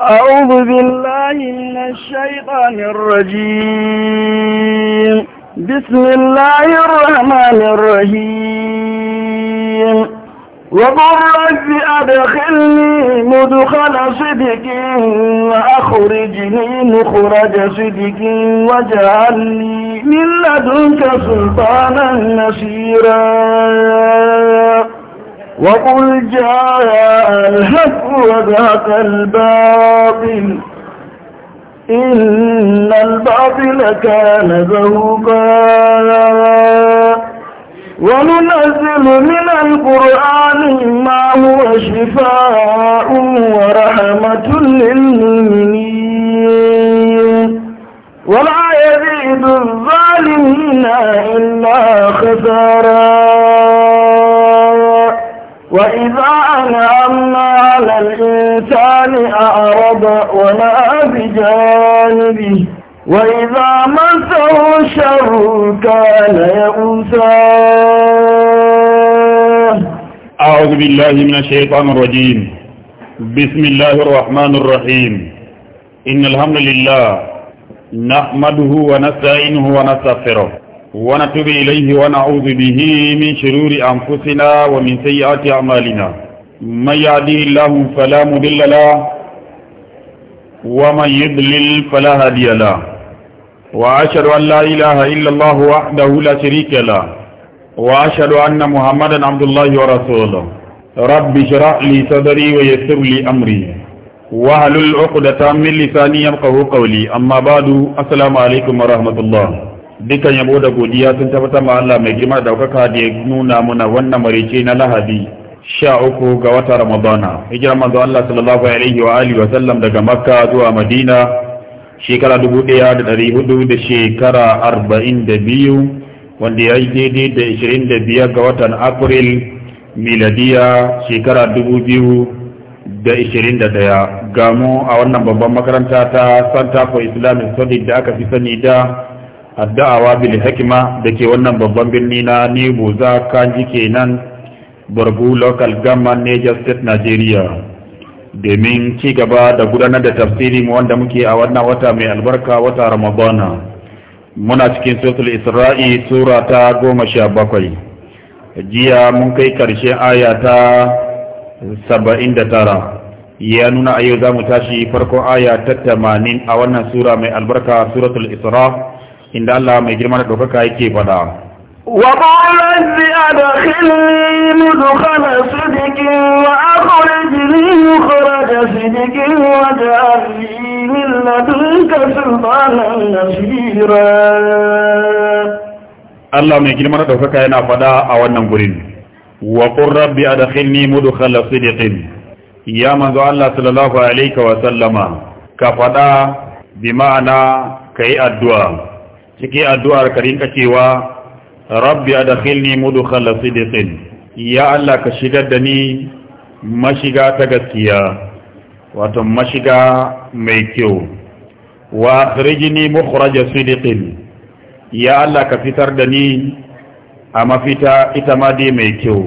أعوذ بالله من الشيطان الرجيم بسم الله الرحمن الرحيم وقل رب أدخلني مدخل صدق وأخرجني مخرج صدق واجعلني من لدنك سلطانا نصيرا وقل جاء الهف وذاك الباطل إن الباطل كان ذوبا وننزل من القرآن ما هو شفاء ورحمة للمؤمنين ولا يزيد الظالمين إلا خسارا وإذا أنعمنا على الإنسان أعرض ولا بجانبه وإذا مسه الشر كان يئوسا أعوذ بالله من الشيطان الرجيم بسم الله الرحمن الرحيم إن الحمد لله نحمده ونستعينه ونستغفره ونتوب إليه ونعوذ به من شرور أنفسنا ومن سيئات أعمالنا من يهدي الله فلا مضل له ومن يضلل فلا هادي له وأشهد أن لا إله إلا الله وحده لا شريك له وأشهد أن محمدا عبد الله ورسوله رب اشرح لي صدري ويسر لي أمري واهل العقدة من لساني يبقه قولي أما بعد السلام عليكم ورحمة الله dukkan yabo da godiya sun tabbatar ma Allah mai girma daukaka da ya nuna muna wannan marice na Lahadi sha uku ga wata Ramadana hijira manzo Allah sallallahu alaihi wa alihi wa sallam daga Makka zuwa Madina shekara dubu ɗaya da ɗari hudu da shekara arba'in da biyu wanda ya yi daidai da ishirin da biyar ga watan April miladiya shekara dubu biyu da ishirin da ɗaya gamu a wannan babban makaranta ta Santa for Islamic Studies da aka fi sani da addu'awa bil hikima da ke wannan babban birni na Nibu za kanji kenan Bargu local government Niger state Nigeria domin ci gaba da gudanar da tafsiri wanda muke a wannan wata mai albarka wata Ramadana muna cikin suratul Isra'i sura ta goma sha bakwai jiya mun kai karshen aya ta saba'in da tara ya nuna a yau za mu tashi farkon aya ta tamanin a wannan sura mai albarka suratul isra inda Allah mai girma da ɗaukaka yake faɗa. Wa ƙolar bi a da khilini dukkanin sidiki wa akwai jini kura da sidiki wa da alimin na duka sulmanin nasira. Allah mai girma da ɗaukaka yana faɗa a wannan gurin. Wa ƙolar bi a da khilini mudukkanin Ya manzo Allah sallallahu alaihi wa sallama ka faɗa bi ma'ana kai yi addu'a. cike addu'ar ka cewa rabbi a khalasi da sidqin ya Allah ka shigar da ni mashiga ta gaskiya wato mashiga mai kyau wa akhrijni mukhraja sidqin ya Allah ka fitar da ni a mafita ita ma dai mai kyau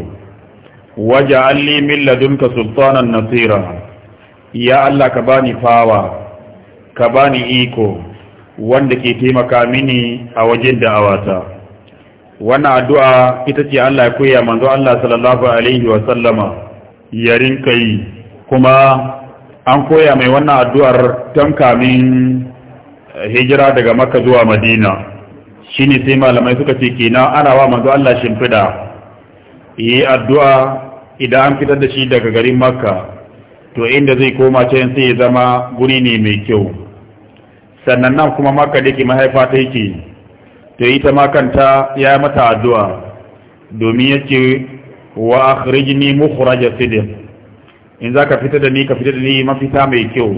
waje alli min ladunka sultanan nasira ya Allah ka bani fawa ka bani iko wanda ke taimaka mini a wajen da'awata wannan addu'a ita ce Allah ya koya manzo Allah sallallahu alaihi wa sallama ya rinka kuma an koya mai wannan addu'ar tun kamin hijira daga Makka zuwa Madina shine sai malamai suka ce kenan ana wa manzo Allah shimfida yi addu'a idan an fitar da shi daga garin Makka to inda zai koma can sai ya zama guri ne mai kyau sannan nan kuma maka da ke mahaifa ta yake to ita ma kanta ya mata addu'a domin yake wa akhrijni mukhraja sidr in zaka fita da ni ka fita da ni mafita mai kyau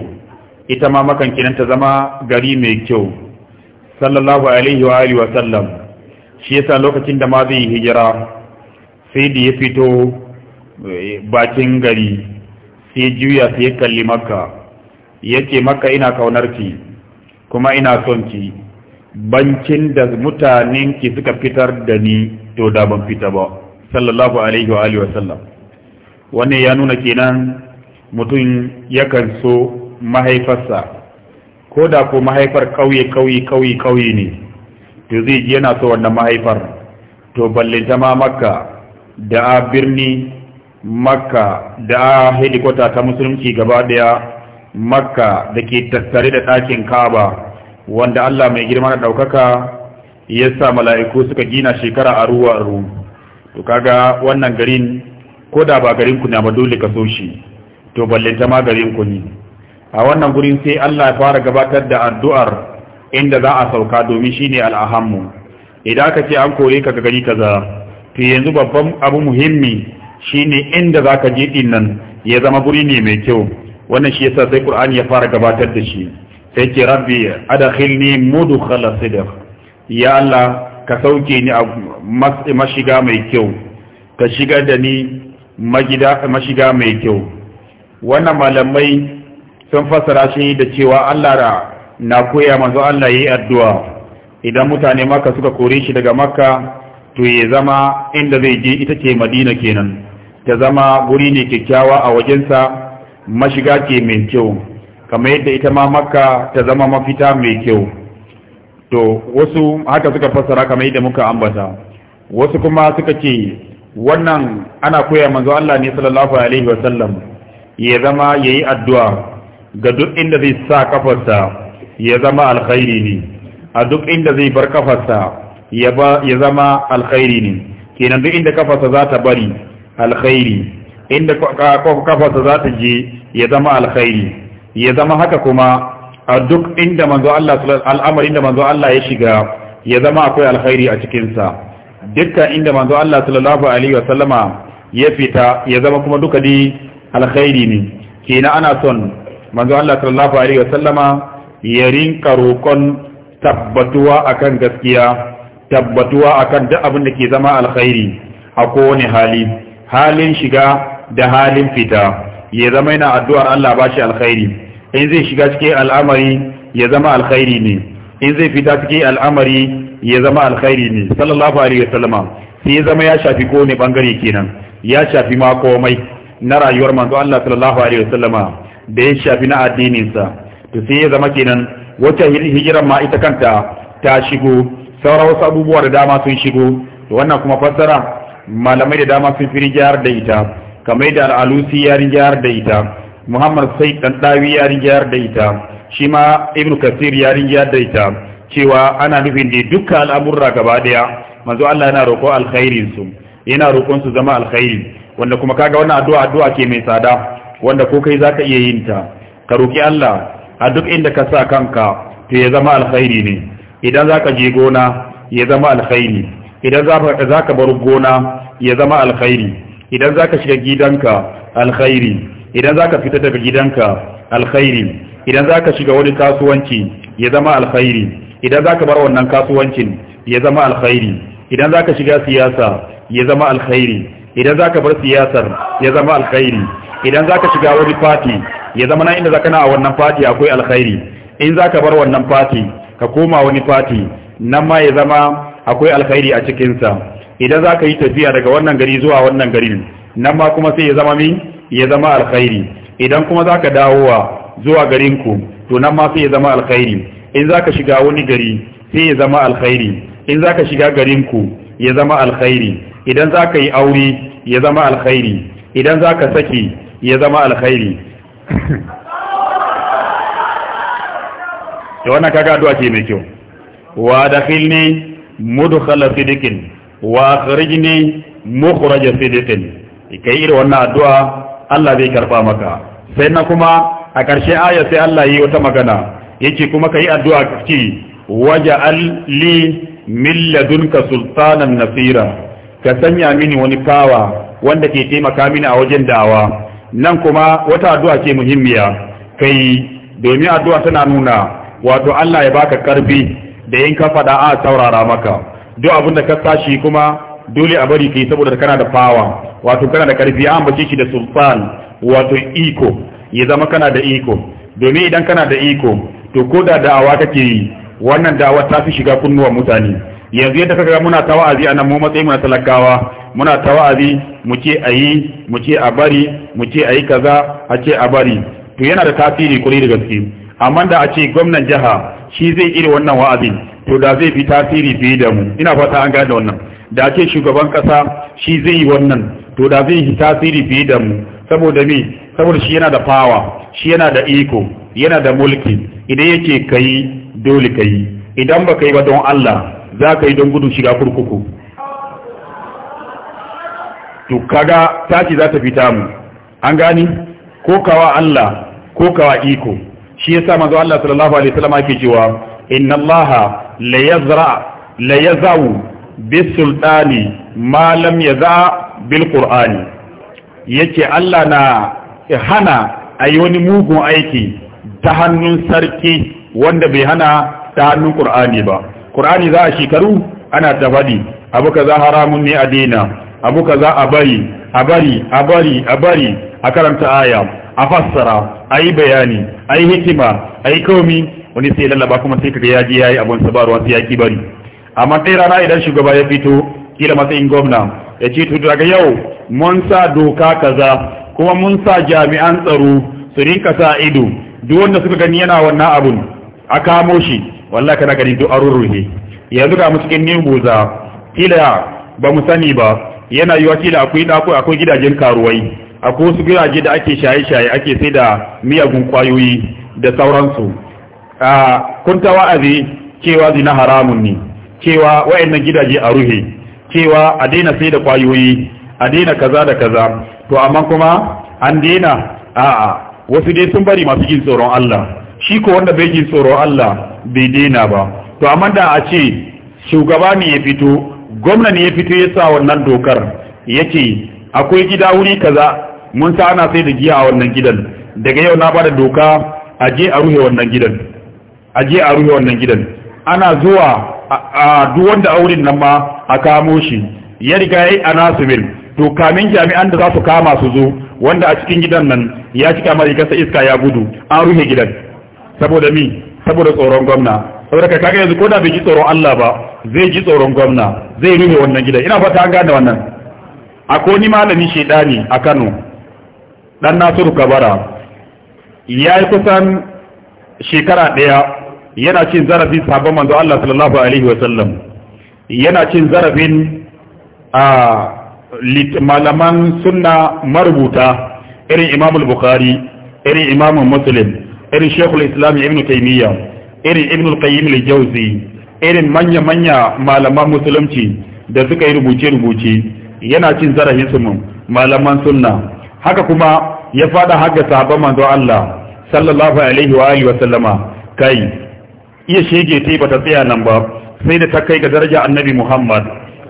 ita ma makan kinan ta zama gari mai kyau sallallahu alaihi wa alihi wa sallam shi yasa lokacin da ma zai hijira sai da ya fito eh, bakin gari sai juya sai kalli makka yake makka ina kaunar ki kuma ina son ki bankin da mutanen ki suka fitar da ni to da ban fita ba sallallahu alaihi wa alihi wa sallam wannan ya nuna kenan mutum yakan so mahaifarsa ko da ko mahaifar kauye kauye kauye kauye ne to zai ji yana so wannan mahaifar to ballinta ma makka da a birni makka da a hedikwata ta musulunci gaba daya makka da ke tattare da ɗakin kaba wanda allah mai girma da ɗaukaka ya sa mala'iku suka gina shekara a ruwa a ruwa to kaga wannan garin ko da ba garin ku na ba dole ka so shi to ballanta ma garin ku ne a wannan gurin sai allah ya fara gabatar da addu'ar inda za a sauka domin shi ne al'ahammu idan ka ce an kore ka ga gari kaza to yanzu babban abu muhimmi shine inda za ka je ɗin nan ya zama guri ne mai kyau wannan shi yasa sai Qur'ani ya fara gabatar da shi sai ke rabbi adkhilni mudkhala sidq ya Allah ka sauke ni a mashiga mai kyau ka shiga da ni mashiga mai kyau wannan malamai sun fassara shi da cewa Allah na koya manzo Allah yayi addu'a idan mutane maka suka kore shi daga makka to ya zama inda zai je ita ce madina kenan ta zama guri ne kyakkyawa a wajensa mashiga ke mai kyau kamar yadda ita ma makka ta zama mafita mai kyau to wasu haka suka fassara kamar yadda muka ambata wasu kuma suka ce wannan ana koya manzo Allah ne sallallahu alaihi wa sallam ya zama yayi addu'a ga duk inda zai sa kafarsa ya zama alkhairi ne a duk inda zai bar kafarsa ya zama alkhairi ne kenan duk inda kafarsa za ta bari alkhairi inda kafarsa za ta je ya zama alkhairi ya zama haka kuma a duk inda manzo Allah al'amarin da manzo Allah ya shiga ya zama akwai alkhairi a cikinsa dukkan inda manzo Allah sallallahu alaihi wasallama ya fita ya zama kuma duka di alkhairi ne kina ana son manzo Allah sallallahu alaihi wasallama ya rinka roƙon tabbatuwa akan gaskiya tabbatuwa akan duk abin da ke zama alkhairi a kowane hali halin shiga da halin fita ya zama yana addu'ar Allah ba shi alkhairi in zai shiga cikin al'amari ya zama alkhairi ne in zai fita cikin al'amari ya zama alkhairi ne sallallahu alaihi sallama sai ya zama ya shafi kowane bangare kenan ya shafi ma komai na rayuwar manzo Allah sallallahu alaihi sallama da ya shafi na addinin sa to sai ya zama kenan wata hijiran ma ita kanta ta shigo sauran wasu abubuwa da dama sun shigo to wannan kuma fassara malamai da dama sun fi da ita kamar da al'alusi ya rinjayar da ita muhammad sai ɗanɗawi ya rinjayar da ita shi ma ibn kasir ya rinjayar da ita cewa ana nufin da dukkan al'amurra gaba ɗaya manzo Allah yana roƙo alkhairin su yana roƙon su zama alkhairi wanda kuma kaga wannan addu'a addu'a ke mai tsada wanda ko kai zaka iya yin ta ka roki Allah a duk inda ka sa kanka to ya zama alkhairi ne idan zaka je gona ya zama alkhairi idan zaka bar gona ya zama alkhairi idan za ka shiga gidanka alkhairi idan za ka fita daga gidanka alkhairi idan za ka shiga wani kasuwanci ya zama alkhairi idan za ka bar wannan kasuwancin ya zama alkhairi idan za ka shiga siyasa ya zama alkhairi idan za ka bar siyasar ya zama alkhairi idan za ka shiga wani fati ya zama na inda zaka na a wannan fati akwai alkhairi in za ka bar wannan fati ka koma wani fati. nan ma ya zama akwai alkhairi a cikinsa idan za ka yi tafiya daga wannan gari zuwa wannan garin nan ma kuma sai ya zama min ya zama alkhairi idan kuma za ka dawowa zuwa garinku to nan ma sai ya zama alkhairi in za ka shiga wani gari sai ya zama alkhairi in za ka shiga garinku ya zama alkhairi idan za ka yi aure ya zama alkhairi idan za ka saki ya zama alkhairi da wannan kaga addu'a ce mai kyau wa dakhilni mudkhala sidiqin wa akhrijni mukhraj sidiqin kai irin wannan addu'a Allah zai karba maka sai na kuma a ƙarshe aya sai Allah yi wata magana yace kuma ka yi addu'a ki waja'al li min ladunka sultanan nasira ka sanya mini wani kawa wanda ke taimaka mini a wajen da'awa nan kuma wata addu'a ce muhimmiya kai domin addu'a tana nuna wato Allah ya baka karfi da in ka faɗa a saurara maka duk abin da ka sashi kuma dole a bari kai saboda kana da fawa wato kana da karfi an bace shi da sultan wato iko ya zama kana da iko domin idan kana da iko to ko da da'awa kake yi wannan da'awa ta fi shiga kunnuwan mutane yanzu yadda kaga muna ta wa'azi anan mu matsayin muna talakawa muna ta wa'azi mu ce ayi mu ce a bari mu ce ayi kaza a ce a bari to yana da tasiri kuri da gaske amma da a ce gwamnan jiha shi zai iri wannan wa'azin to da zai fi tasiri fiye da mu ina fata an gane wannan da ake shugaban kasa shi zai yi wannan to da zai fi tasiri fiye da mu saboda me saboda shi yana da fawa shi yana da iko yana da mulki idan yake kai dole kai idan ba kai ba don Allah za ka yi don gudun shiga kurkuku to kaga tashi za ta fita mu an gani ko kawa Allah ko kawa iko shi yasa manzo Allah sallallahu alaihi wasallam yake cewa inna Allah la yazra la yazau bisultani ma lam yaza bil qur'ani yace Allah na hana ayi wani mugun aiki ta hannun sarki wanda bai hana ta hannun qur'ani ba qur'ani za a shekaru ana ta faɗi abu kaza haramun ne a daina abu kaza a bari a bari a bari a bari a karanta aya a fassara a yi bayani a yi hikima a yi komi wani sai lallaba kuma sai kaga ya je ya yi abun sabarwa sai ya bari amma sai rana idan shugaba ya fito kila matsayin gwamna ya ce to daga yau mun sa doka kaza kuma mun sa jami'an tsaro su rinka sa ido duk wanda suka gani yana wannan abun a kamo shi wallahi kana gani duk arurruhe yanzu ga mu cikin nimbuza kila ba mu sani ba yana yiwa kila akwai dako akwai gidajen karuwai akwai wasu gidaje da ake shaye-shaye ake sai da miyagun kwayoyi da sauransu a kunta wa'azi cewa zina haramun ne cewa wayannan gidaje a ruhe cewa a daina sai da kwayoyi a daina kaza da kaza to amma kuma an daina a'a wasu dai sun bari masu jin tsoron Allah shi ko wanda bai jin tsoron Allah bai daina ba to amma da a ce shugaba ne ya fito gwamna ne ya fito ya sa wannan dokar yake akwai gida wuri kaza mun sa ana sai da giya a wannan gidan daga yau na bada doka a je a ruhe wannan gidan a je a ruhe wannan gidan ana zuwa a duk wanda aurin nan ma a kamo shi ya riga yayi anasibin to kamin jami'an da za su kama su zo wanda a cikin gidan nan ya cika mari kasa iska ya gudu an ruhe gidan saboda mi saboda tsoron gwamna saboda ka kaga yanzu ko da bai ji tsoron Allah ba zai ji tsoron gwamna zai ruhe wannan gidan ina fata an gane wannan akwai ni malami shedani a Kano dan nasiru kabara ya yi kusan shekara ɗaya yana cin zarafin sabon manzo Allah sallallahu alaihi wasallam yana cin zarafin a malaman sunna marubuta irin Imamul bukhari irin imam muslim irin shekul islam ibn taimiyya irin ibn al-qayyim al irin manya manya malaman musulunci da suka yi rubuce rubuce yana cin zarafin su malaman sunna haka kuma ya fada haka sahabban manzo Allah sallallahu alaihi wa alihi wa sallama kai iya shege tai bata tsaya nan ba sai da ta kai ga daraja annabi Muhammad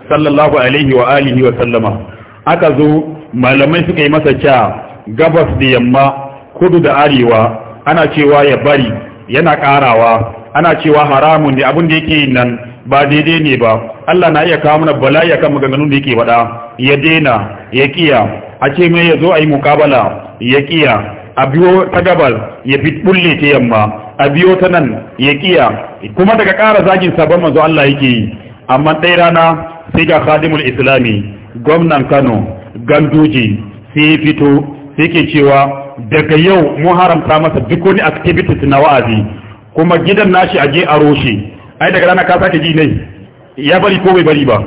sallallahu alaihi wa alihi wa sallama aka zo malamai suka yi masa kya gabas da yamma kudu da arewa ana cewa ya bari yana karawa ana cewa haramun ne abin da yake nan ba daidai ne ba Allah na iya kawo mana bala'i akan maganganun da yake faɗa ya dena ya kiya a ce mai ya zo a yi mukabala ya kiya a biyo ta gabar ya fi bulle ta yamma a biyo ta nan ya kiya kuma daga ƙara zagin sabon manzo Allah yake yi amma ɗaya rana sai ga khadimul islami gwamnan Kano ganduji sai ya fito sai ke cewa daga yau mu haramta masa duk wani activities na wa'azi kuma gidan nashi a je a roshe ai daga rana ka sake ji ne ya bari ko bai bari ba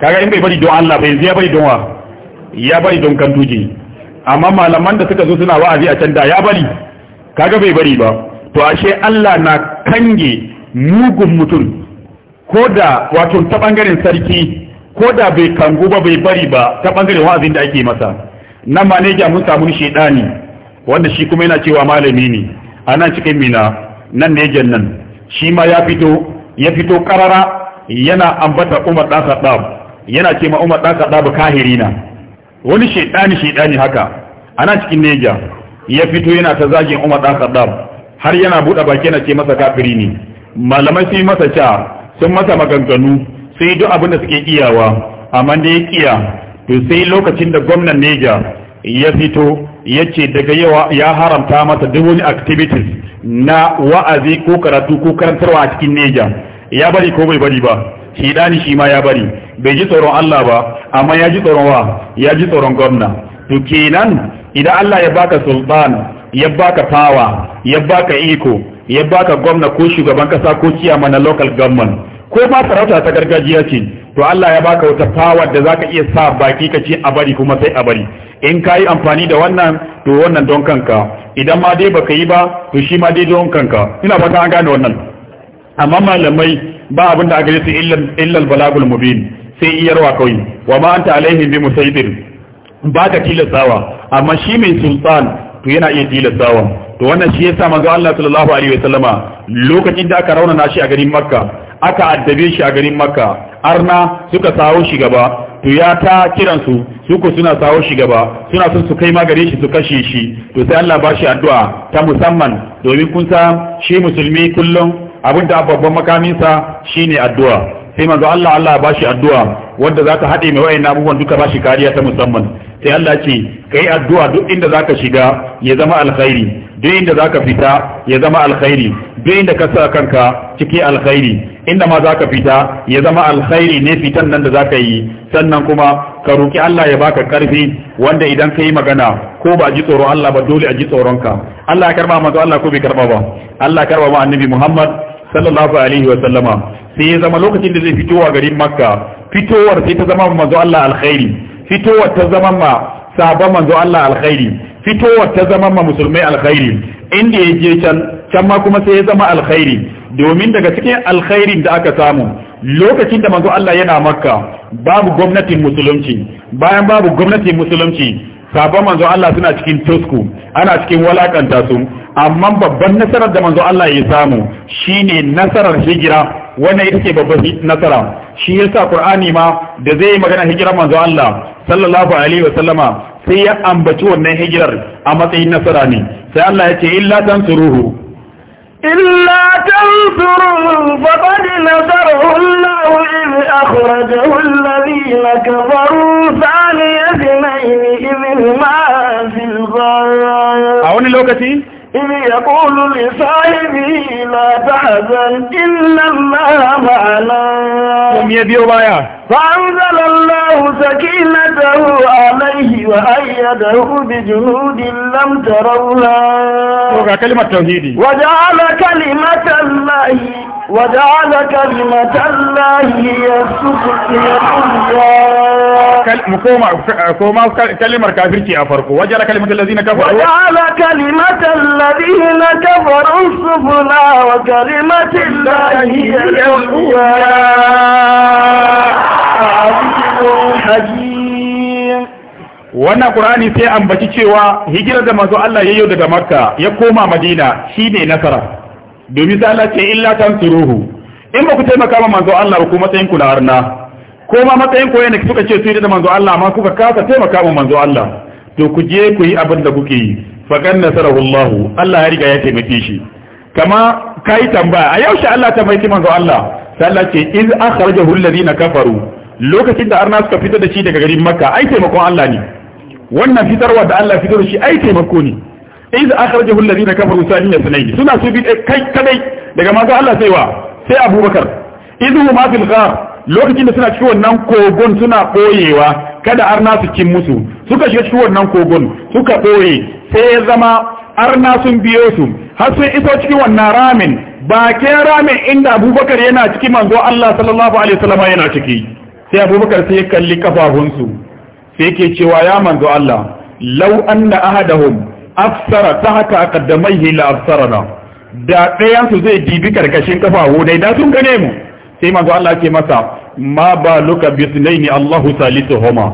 kaga in bai bari don Allah bai yanzu ya bari don wa ya bari don kan tuje amma malaman da suka zo suna wa'azi a can da ya bari kaga bai bari ba to ashe Allah na kange mugun mutum ko da wato ta bangaren sarki ko da bai kangu ba bai bari ba ta bangaren wa'azin da ake masa nan ma ne mun samu shedani wanda shi kuma yana cewa malami ne anan cikin mina nan ne nan shi ma ya fito ya fito karara yana ambata Umar dan yana ce ma Umar dan Khattab kahirina wani shaidani shaidani haka ana cikin neja ya fito yana ta zagin Umar dan har yana buɗe baki yana ce masa kafiri ne malamai sun masa ca sun masa maganganu sai duk abin da suke iyawa amma da ya kiya to sai lokacin da gwamnan neja ya fito ya ce daga yawa ya haramta masa duk wani activities na wa'azi ko karatu ko karantarwa a cikin neja ya bari ko bai bari ba shaidani shi ma ya bari bai ji tsoron Allah ba amma ya ji tsoron wa ya ji tsoron gwamna to kenan idan Allah ya baka sultan ya baka fawa ya baka iko ya baka gwamna ko shugaban kasa ko kiya na local government ko ba sarauta ta gargajiya ce to Allah ya baka wata fawa da zaka iya sa baki ka ce a bari kuma sai a bari in ka yi amfani da wannan to wannan don kanka idan ma dai baka yi ba to shi ma dai don kanka ina fata an gane wannan amma malamai ba abin da aka yi su illal balagul mubin sai yarwa kawai wa ma anta alaihim bi ba ka tilastawa amma shi mai sultan to yana iya tilasawa to wannan shi yasa manzo Allah sallallahu alaihi sallama lokacin da aka raunana shi a garin Makka aka addabe shi a garin Makka arna suka sawo shi gaba to ya ta kiran su su ko suna sawo shi gaba suna son su kai ma gare shi su kashe shi to sai Allah ba shi addu'a ta musamman domin kun san shi musulmi kullum abinda babban makaminsa shine addu'a sai manzo Allah Allah ba bashi addu'a wanda zaka hade mai wayannan abubuwan duka bashi kariya ta musamman sai Allah ce kai addu'a duk inda zaka shiga ya zama alkhairi duk inda zaka fita ya zama alkhairi duk inda ka sa kanka ciki alkhairi inda ma zaka fita ya zama alkhairi ne fitan nan da zaka yi sannan kuma ka roki Allah ya baka karfi wanda idan kai magana ko ba ji tsoron Allah ba dole a ji tsoron ka Allah ya karba manzo Allah ko bai karba ba Allah karba ma annabi Muhammad sallallahu alaihi wa sallama sai ya zama lokacin da zai fitowa garin makka fitowar sai ta zama manzo Allah alkhairi fitowar ta zama ma sabon manzo Allah alkhairi fitowar ta zama ma musulmai alkhairi inda ya je can can ma kuma sai ya zama alkhairi domin daga cikin alkhairin da aka samu lokacin da manzo Allah yana makka babu gwamnatin musulunci bayan babu gwamnatin musulunci sabon manzo Allah suna cikin tosku ana cikin walakanta su amma babban nasarar da manzo Allah ya samu shine nasarar hijira wannan ita ce babbar nasara shi yasa qur'ani ma da zai yi magana hijirar manzo Allah sallallahu alaihi wa sallama sai ya ambaci wannan hijirar a matsayin nasara ne sai Allah ya ce illa tansuruhu إلا تنصروا فقد نصره الله akhrajahu alladhina kafaru كفروا ثاني اثنين ma fil ghayr A wani lokaci. إذ يقول لصاحبه لا تحزن إلا الله معنا فأنزل الله سكينته عليه وأيده بجنود لم تروها كلمة توحيدي وجعل كلمة الله وجعل كلمة الله هي السفلى مكوما كوما كلمة كافرتي فرق وجعل كلمة الذين كفروا وجعل كلمة الذين كفروا السفلى وكلمة الله هي السفلى rajim wannan qur'ani sai ambaci cewa hijirar da manzo Allah ya yi daga makka ya koma madina shine nasara domin sai Allah ce illa tansuruhu in ba ku taimaka ma manzo Allah ba ku matsayin ku na arna ko ma matsayin ku yana suka ce su da manzo Allah ma kuka kasa taimaka ma manzo Allah to ku je ku yi abin da kuke yi fa kan nasarahu Allah Allah ya riga ya taimake shi kama kai tambaya a yaushe Allah ta maiki manzo Allah sai Allah ce iz akhrajahu alladhina kafaru lokacin da arna suka fitar da shi daga garin makka ai taimakon Allah ne wannan fitarwa da Allah fitar da shi ai taimako ne iz akhrajahu alladhina kafaru saniya sunayd suna su bi kai kadai daga manzo Allah sai wa sai Abubakar idhu ma fil ghar lokacin da suna cikin wannan kogon suna boyewa kada arna su cin musu suka shiga cikin wannan kogon suka boye sai ya zama arna sun biyo su har sai iso cikin wannan ramin bakin ramin inda Abubakar yana ciki manzo Allah sallallahu alaihi wasallam yana ciki sai abubakar sai ya kalli kafafunsu sai ke cewa ya manzo Allah lau anna ahadahum afsara ta haka a kaddamai kaddamaihi la afsarana da ɗayansu zai dibi karkashin kafafu dai da sun gane mu sai manzo Allah ke masa ma ba luka bisnaini Allahu salisuhuma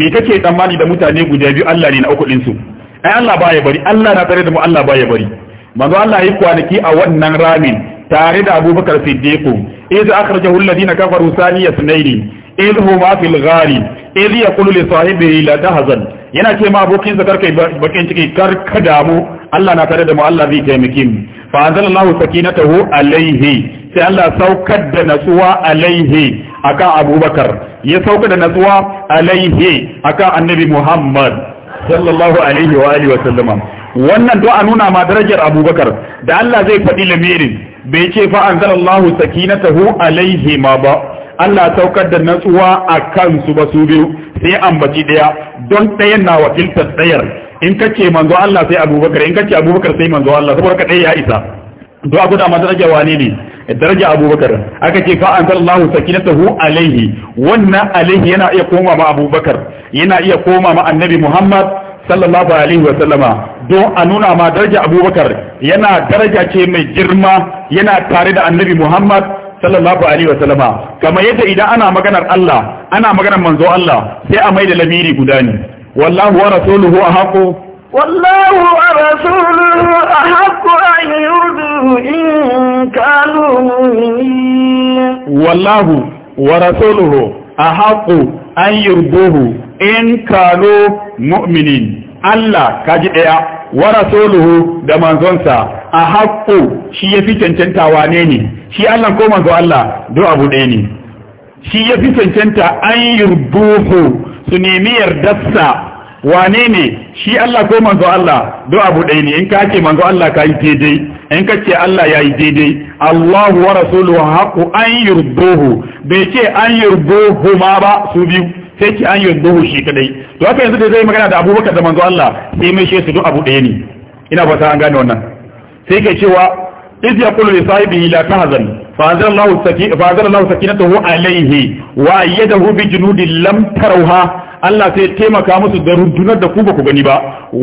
me kake tsammani da mutane guda biyu Allah ne na uku din su ai Allah baya bari Allah na tare da mu Allah baya bari manzo Allah yi kwanaki a wannan ramin tare da abubakar siddiq iz akhrajahu alladhina kafaru saniya sunaini iz huma fil ghari iz yaqulu li sahibihi la tahzan yana ce ma abokin sa karkai bakin ciki kar ka damu Allah na tare da mu Allah zai taimake mu fa anzalallahu sakinatahu sai Allah saukar da natsuwa alaihi akan abubakar ya sauka da natsuwa alaihi akan annabi muhammad sallallahu alaihi wa alihi wa sallama wannan don a nuna ma darajar abubakar da Allah zai faɗi lamirin bai ce fa anzalallahu sakinatahu alaihi ma ba Allah saukar da natsuwa a kansu ba su biyu sai ambaci daya don ɗayan na wakiltar ɗayar in ka ce manzo Allah sai Abubakar in ka ce Abubakar sai manzo Allah saboda ka ɗaya ya isa to a guda ma daraja wane ne daraja Abubakar aka ce fa anzalallahu sakinatahu alaihi wannan alaihi yana iya koma ma Abubakar yana iya koma ma Annabi Muhammad sallallahu alaihi wa sallama don a nuna ma daraja abubakar yana daraja ce mai girma yana tare da annabi muhammad sallallahu alaihi wa sallama kamar yadda idan ana maganar allah ana maganar manzo allah sai a mai da lamiri guda ne wallahu wa rasuluhu a haƙo والله ورسوله أحق أن يردوا إن كانوا مؤمنين والله ورسوله أحق أن يردوه in kano mu'minin Allah kaji ɗaya wa rasuluhu da manzonsa a haƙƙo shi ya fi cancanta wane ne shi Allah ko manzo Allah do abu ɗaya ne shi ya fi cancanta an yurduhu su nemi yardarsa wane ne shi Allah ko manzo Allah do abu ɗaya ne in ka ce manzo Allah ka yi daidai in ka ce Allah ya yi daidai Allahu wa rasuluhu haqqu an yurduhu bai ce an yurduhu ma ba su biyu sai ki an yadduhu shi kadai to haka yanzu da zai magana da abubakar da manzo Allah sai mai shi su duk abu ɗaya ne ina ba ta an gane wannan sai kai cewa iz yaqulu li sahibihi la tahzan fa anzala Allahu sakina fa anzala Allahu sakinatahu alayhi wa ayyadahu bi junudin lam tarawha Allah sai taimaka musu da rundunar da ku ba ku gani ba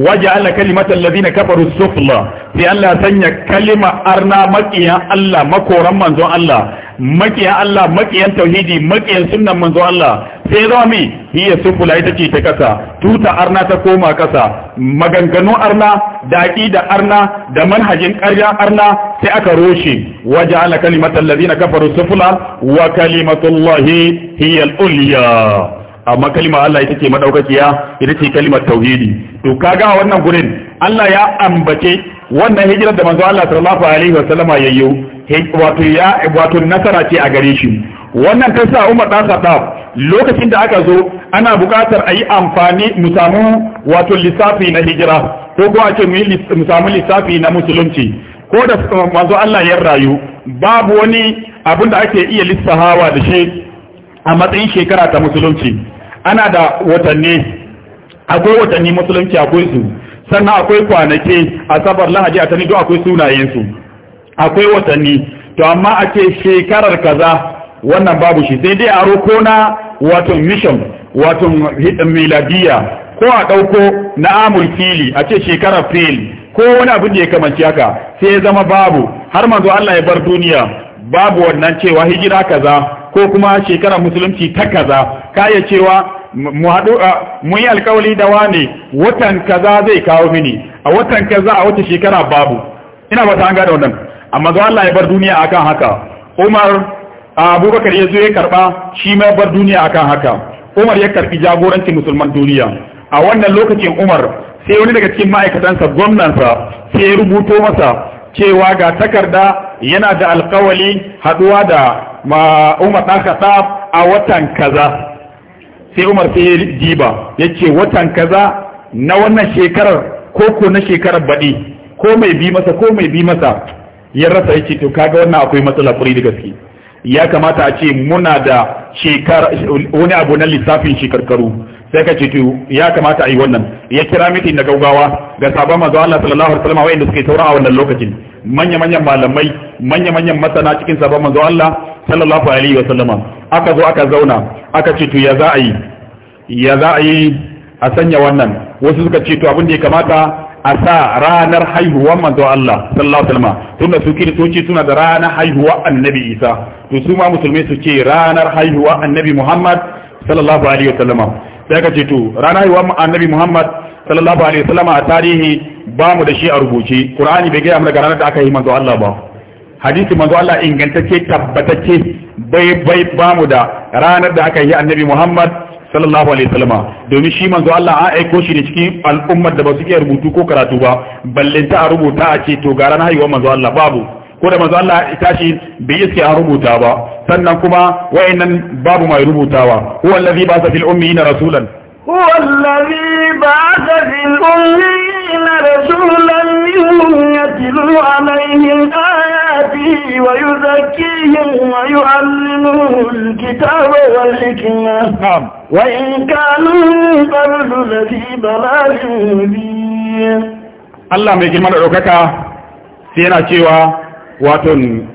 waje Allah kalimatar lazina kafaru sufla sai Allah sanya kalima arna makiyan Allah makoran manzon Allah makiyan Allah makiyan tauhidi makiyan sunnan manzo Allah sai zama me hiya sufula ita ce ta kasa tuta arna ta koma kasa maganganun arna da aqida arna da manhajin ƙarya arna sai aka roshe waje ala kalimatal ladina kafaru sufula wa kalimatullahi hiya al-ulya amma kalima Allah ita ce madaukakiya ita ce kalimar tauhidi to kaga a wannan gurin Allah ya ambace wannan hijirar da manzo Allah sallallahu alaihi wasallama yayyo wato ya wato nasara ce a gare shi wannan ta sa Umar dan Khattab lokacin da aka zo ana buƙatar a yi amfani mu samu wato lissafi na hijira ko ko a ce mu samu lissafi na musulunci ko da manzo Allah ya rayu babu wani abin da ake iya lissahawa da shi a matsayin shekara ta musulunci ana da watanni akwai watanni musulunci akwai su sannan akwai kwanaki asabar lahaji a tani akwai sunayensu akwai watanni to amma a ce shekarar kaza wannan babu shi sai dai a roko na wato mission wato miladiya ko a ɗauko na amur fili a ce shekarar fil ko wani abin da ya kamanci haka sai ya zama babu har manzo Allah ya bar duniya babu wannan cewa hijira kaza ko kuma shekarar musulunci ta kaza ka iya cewa mu yi alkawali da wane watan kaza zai kawo mini a watan kaza a wata shekara babu ina ba ta an gada wannan amma ga Allah ya bar duniya akan haka Umar Abubakar ya zo ya karba shi ma bar duniya akan haka Umar ya karbi jagorancin musulman duniya a wannan lokacin Umar sai wani daga cikin ma'aikatan ma'aikatansa gwamnansa sai ya rubuto masa cewa ga takarda yana da alkawali haduwa da ma Umar dan Khattab a watan kaza sai Umar sai ya jiba yace watan kaza na wannan shekarar ko ko na shekarar baɗi ko mai bi masa ko mai bi masa ya rasa yace to kaga wannan akwai matsala kuri da gaske ya kamata a ce muna da shekar wani abu na lissafin shekarkaru sai ka ce to ya kamata a yi wannan ya kira mitin da gaugawa ga sabon manzo Allah sallallahu alaihi wasallam wanda suke taura a wannan lokacin manya manyan malamai manya manyan masana cikin sabon manzo Allah sallallahu alaihi wasallam aka zo aka zauna aka ce to ya za a yi ya za a yi a sanya wannan wasu suka ce to abin da ya kamata a sa ranar haihuwa manzo Allah sallallahu alaihi wasallam tunda su kiristoci suna da ranar haihuwa annabi Isa to su ma musulmai su ce ranar haihuwa annabi Muhammad sallallahu alaihi wasallam sai ka ce to ranar haihuwa annabi Muhammad sallallahu alaihi wasallam a tarihi ba mu da shi a rubuce Qur'ani bai ga mu daga ranar da aka yi manzo Allah ba hadisi manzo Allah ingantacce tabbatacce bai bai ba mu da ranar da aka yi annabi Muhammad sallallahu alaihi wasallama domin shi manzo Allah an aiko shi ne cikin al'ummar da ba su iya rubutu ko karatu ba ballanta a rubuta a ce to gara na haihuwar manzo Allah babu ko da manzo Allah ya tashi bai iske an rubuta ba sannan kuma wayannan babu mai rubutawa huwa allazi ba'atha fil ummiyina rasulan huwa allazi ba'atha fil ummiyina أرسلنا رسولا منهم يتلو عليهم آياته ويزكيهم ويعلمهم الكتاب والحكمة نعم. وإن كانوا من قبل لفي ضلال مبين الله ما يجمع ركعتا سينا شيوا واتون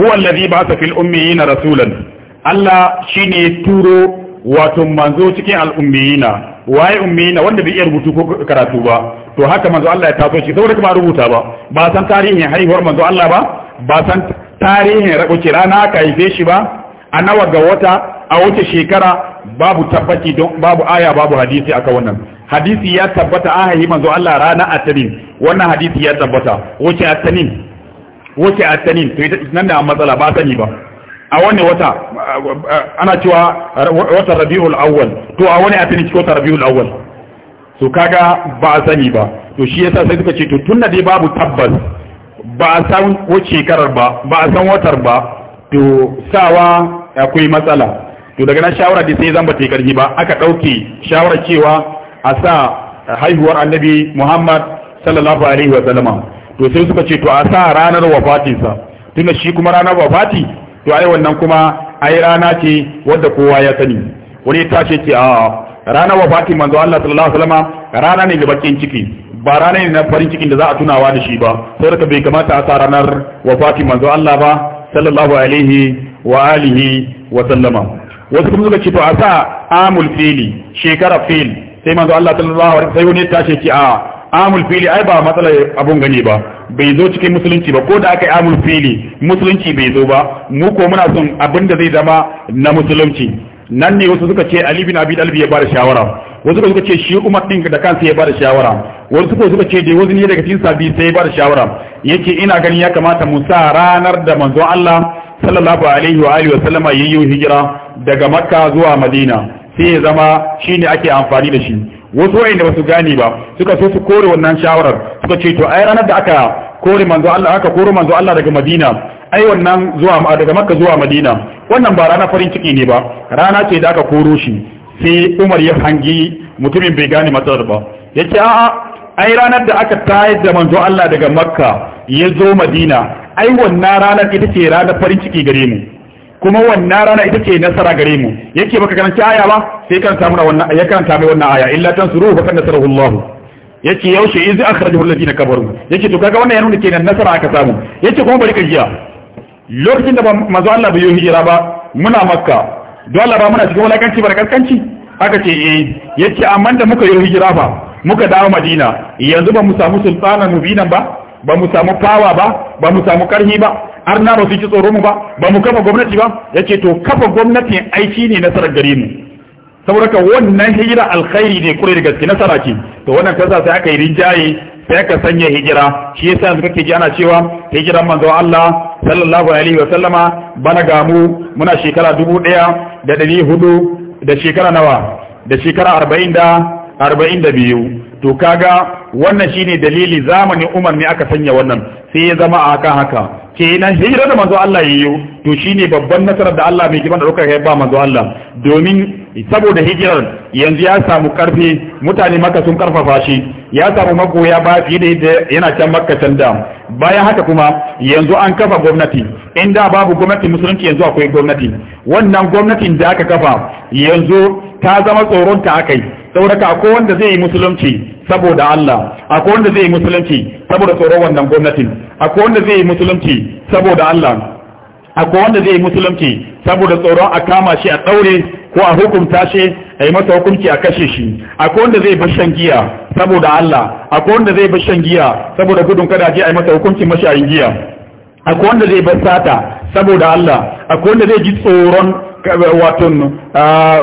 هو الذي بعث في الأميين رسولا الله شيني تورو واتون منزو شكي الأميين واي أميين وانا بيئر بطوكو كراتوبا to haka manzo Allah ya taso shi saboda kuma rubuta ba ba san tarihin haihuwar manzo Allah ba ba san tarihin rabuce rana ka yi feshi ba a nawa ga wata a wace shekara babu tabbaci don babu aya babu hadisi aka wannan hadisi ya tabbata an haihi manzo Allah rana atanin wannan hadisi ya tabbata wace atanin wace atanin to ita nan da matsala ba sani ba a wani wata ana cewa wata rabiul awwal to a wani atanin cikin wata rabiul awwal su kaga ba a sani ba to shi yasa sai suka ce to da dai babu tabbas ba a san wace shekarar ba ba a san watar ba to sawa akwai matsala to daga nan shawara da sai zan ba ta ba aka dauke shawara cewa a sa haihuwar annabi Muhammad sallallahu alaihi wa sallama to sai suka ce to a sa ranar wafatinsa tunda shi kuma ranar wafati to ai wannan kuma ai rana ce wadda kowa ya sani wani tashi ce a ranar wafati manzo Allah sallallahu alaihi wasallam rana ne da bakin ciki ba rana ne na farin cikin da za a tunawa da shi ba sai da bai kamata a sa ranar wafati manzo Allah ba sallallahu alaihi wa alihi wa sallama wasu kuma suka ce to a sa amul fili shekara fil sai manzo Allah sallallahu alaihi wasallam sai tashi ki a amul fili ai ba matsala abun gani ba bai zo cikin musulunci ba ko da aka yi amul fili musulunci bai zo ba mu ko muna son abin da zai zama na musulunci nan ne wasu suka ce Ali bin Abi Talib ya bada shawara wasu suka ce shi Umar din da kansa ya bada shawara wasu suka suka ce dai wasu ne daga cikin sabbi sai ya bada shawara yace ina ganin ya kamata mu sa ranar da manzo Allah sallallahu alaihi wa alihi wa sallama yayin hijira daga Makka zuwa Madina sai ya zama shine ake amfani da shi wasu wayanda ba su gane ba suka so su kore wannan shawarar suka ce to ai ranar da aka kore manzo Allah aka kore manzo Allah daga Madina ai wannan zuwa daga makka zuwa madina wannan ba rana farin ciki ne ba rana ce da aka koro shi sai umar ya hangi mutumin bai gane matsalar ba Ya ce a'a ai ranar da aka tayar da manzo Allah daga makka ya zo madina ai wannan ranar ita ce rana farin ciki gare mu kuma wannan rana ita ce nasara gare mu yake baka karanta aya ba sai kan samu wannan ya kan mai wannan aya illa tansuru fa kan nasarahu Allah yace yaushe izi akhrajahu alladhina kafaru yace to kaga wannan ya nuna kenan nasara aka samu yace kuma bari ka jiya lokacin da manzo Allah bai yi hijira ba muna makka don Allah ba muna cikin walakanci ba da kaskanci aka ce eh yace amma da muka yi hijira ba muka dawo Madina yanzu ba mu samu mu mubinan ba ba mu samu fawa ba ba mu samu karhi ba har na ba su ci tsoro mu ba ba mu kafa gwamnati ba yace to kafa gwamnati aiki ne nasarar gare mu saboda ka wannan hijira alkhairi ne kure da gaske nasara ce to wannan kasa sai aka yi rinjaye sai aka sanya hijira shi yasa yanzu kake ji ana cewa hijiran manzo Allah sallallahu alaihi wa sallama bana gamu muna shekara dubu ɗaya da ɗari hudu da shekara nawa da shekara arba'in da arba'in da biyu to kaga wannan shine dalili zamani umar ne aka sanya wannan sai ya zama a haka haka kenan hijira da manzo Allah yayyo to shine babban nasarar da Allah mai girma da ruka ya ba manzo Allah domin saboda hijirar, yanzu ya samu karfi mutane maka sun karfafa shi ya samu magoya ba fiye da yadda yana can makka can da bayan haka kuma yanzu an kafa gwamnati inda babu gwamnati musulunci yanzu akwai gwamnati wannan gwamnatin da aka kafa yanzu ta zama tsoron ta akai saboda akwai wanda zai yi musulunci saboda Allah akwai wanda zai yi musulunci saboda tsoron wannan gwamnatin akwai wanda zai yi musulunci saboda Allah akwai wanda zai yi musulunci saboda tsoron a kama shi a ɗaure ko a hukunta shi a yi masa hukunci a kashe shi akwai wanda zai bar shan giya saboda Allah akwai wanda zai bar shan giya saboda gudun kada je a yi masa hukunci mashayin giya akwai wanda zai bar sata saboda Allah akwai wanda zai ji tsoron wato ah, ah,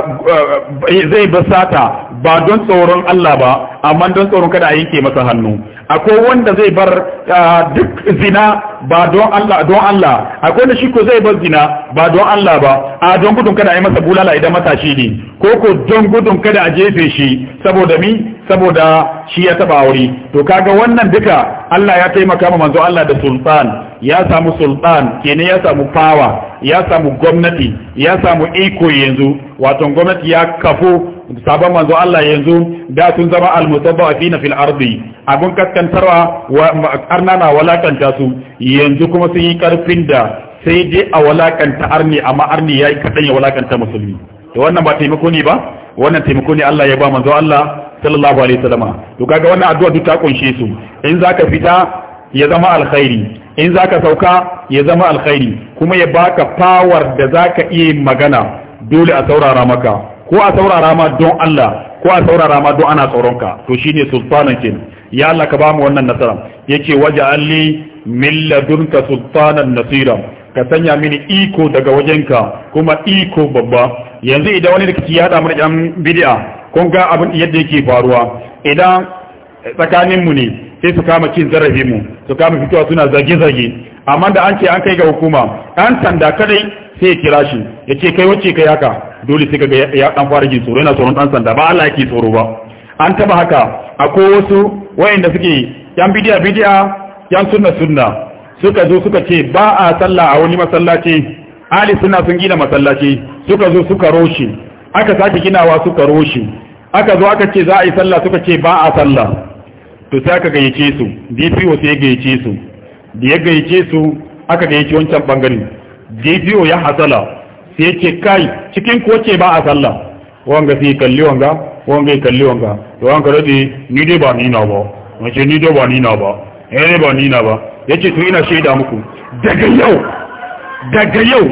zai bar sata ba don tsoron Allah ba amma don tsoron kada a yanke masa hannu akwai wanda zai bar duk zina ba don Allah don Allah akwai wanda shi ko zai bar zina ba don Allah ba a don gudun kada a yi masa bulala idan matashi ne ko ko don gudun kada a jefe shi saboda mi saboda shi ya taba aure to kaga wannan duka Allah ya taimaka ma manzo Allah da sultan ya samu sultan kenan ya samu power ya samu gwamnati ya samu iko yanzu wato gwamnati ya kafu sabon manzo Allah yanzu da sun zama al-murtala almutabba'ina fil ardi abun kaskantarwa wa arnana walakanta su yanzu kuma sun yi karfin da sai dai a walakanta arni amma arni yayi kadan ya walakanta musulmi to wannan ba taimako ne ba wannan taimako ne Allah ya ba manzo Allah sallallahu alaihi wasallam to kaga wannan addu'a duk ta kunshe su in zaka fita ya zama alkhairi in zaka sauka ya zama alkhairi kuma ya baka power da zaka iya magana dole a saurara maka ko a saurara ma don Allah ko a saurara ma don ana tsoronka to shine sultanan kin ya Allah ka ba mu wannan nasara yace waja'alli min ladunka sultanan nasira ka sanya mini iko daga wajenka kuma iko babba yanzu idan wani rikici ya haɗa mana yan bidi'a kun ga abin yadda yake faruwa idan tsakaninmu ne sai su kama cin zarafi mu su kama fitowa suna zage-zage amma da an ce an kai ga hukuma an sanda kadai sai ya kira shi ya ce kai wacce kai haka dole sai kaga ya dan fara jin tsoro yana tsoron dan sanda ba Allah yake tsoro ba an taba haka akwai wasu wayanda suke yan bidiya bidiya yan sunna sunna suka zo suka ce ba a sallah a wani masallaci ali suna sun gina masallaci suka zo suka roshi aka sake ginawa suka roshi aka zo aka ce za a yi sallah suka ce ba a sallah to sai aka gayyace su DPO sai ya gayyace su da ya gayyace su aka gayyace wancan bangare DPO ya hasala sai ce kai cikin ko ce ba a sallah wanga sai kalli wanga wanga kalli wanga to an rade ni dai ba ni na ba mace ni dai ba ni na ba eh ba ni na ba ya ce to ina shaida muku daga yau daga yau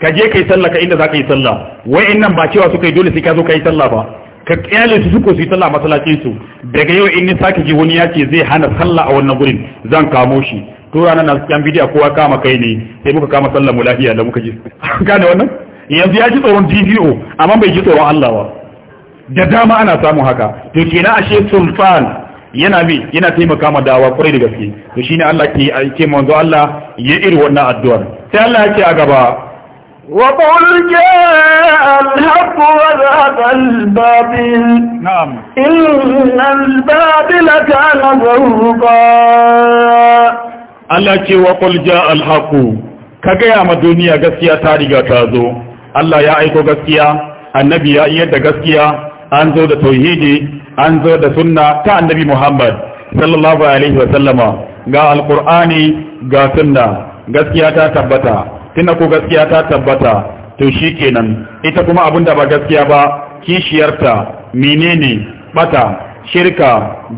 ka je ka yi sallah ka inda za ka yi sallah wa'in nan ba cewa suka yi dole sai ka zo ka yi sallah ba ka kyale su suko su yi sallah masallacin su daga yau in ni sake ji wani ya ce zai hana sallah a wannan gurin zan kamo shi to ranar na yan bidiya kowa kama kai ne sai muka kama sallah mu lafiya da muka ji gane wannan yanzu ya ji tsoron DPO amma bai ji tsoron Allah ba da dama ana samun haka to kenan ashe sulfan yana bi yana taimaka ma dawa kwarai da gaske to shine Allah ke yi ce manzo Allah ya iri wannan addu'a sai Allah ya ce a gaba wa qul ja al haqq wa al batil na'am inna batil kana Allah ce wa qul ja al ka ga ma duniya gaskiya ta riga ta zo Allah ya aiko gaskiya annabi ya yi da gaskiya an zo da tauhidi an zo da sunna ta annabi Muhammad sallallahu alaihi wa sallama ga alqur'ani ga sunna gaskiya ta tabbata tunda ko gaskiya ta tabbata to shikenan ita kuma abin da ba gaskiya ba kishiyarta menene bata shirka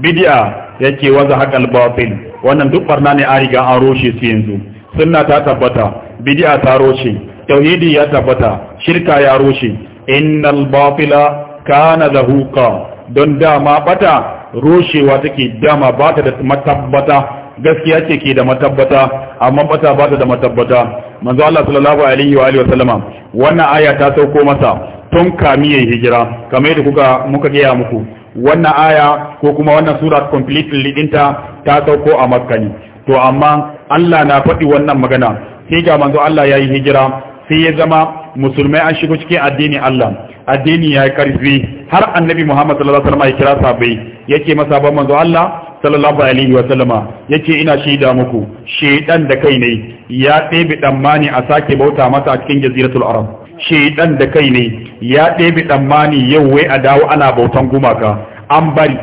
bid'a yake waza haƙal batil wannan duk barna ne a riga an roshe su yanzu sunna ta tabbata bid'a ta roshe tauhidi ya tabbata shirka ya roshe innal batila kana lahu don dama bata rushewa take dama ba ta da matabbata gaskiya ce ke da matabbata amma bata ba ta da matabbata manzo Allah sallallahu alaihi wa alihi wa sallama wannan aya ta sauko masa tun kamiye hijira kamar yadda kuka muka gaya muku wannan aya ko kuma wannan sura completely dinta ta sauko a makka ne to amma Allah na faɗi wannan magana sai ga manzo Allah yayi hijira sai ya zama musulmai an shigo cikin addini Allah addini ya yi karfi har annabi Muhammad sallallahu alaihi wasallam ya kira sahabbai yake masa ban manzo Allah sallallahu alaihi wasallama yace ina shaida muku shedan da kai ne ya ɗebe damani a sake bauta masa a cikin jaziratul arab shedan da kai ne ya ɗebe damani yau wai a dawo ana bautan gumaka an bari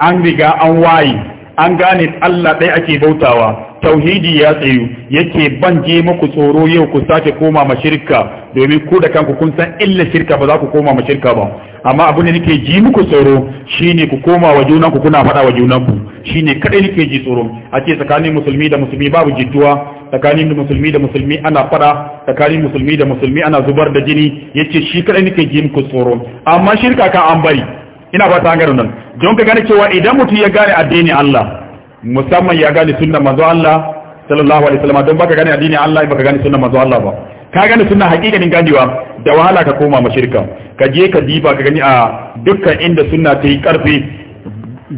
an riga an waye an gane Allah ɗaya ake bautawa tauhidi ya tsayu yake ban je muku tsoro yau ku sake koma ma shirka domin ku da kanku kun san illa shirka ba za ku koma ma shirka ba amma abin da nake ji muku tsoro shine ku koma wa junanku kuna faɗa wa junanku shine kadai nake ji tsoro a ce tsakanin musulmi da musulmi babu jituwa tsakanin musulmi da musulmi ana fada tsakanin musulmi da musulmi ana zubar da jini yace shi kadai nake ji muku tsoro amma shirka ka an bari ina ba ta hangar nan don ka gane cewa idan mutum ya gane addini Allah musamman ya gane sunna manzo Allah sallallahu alaihi wasallam don baka gane addini Allah baka gane sunna manzo Allah ba ka gane sunna hakikanin ganewa da wahala ka koma mashirka ka je ka diba ka gani a dukkan inda sunna ta yi karfi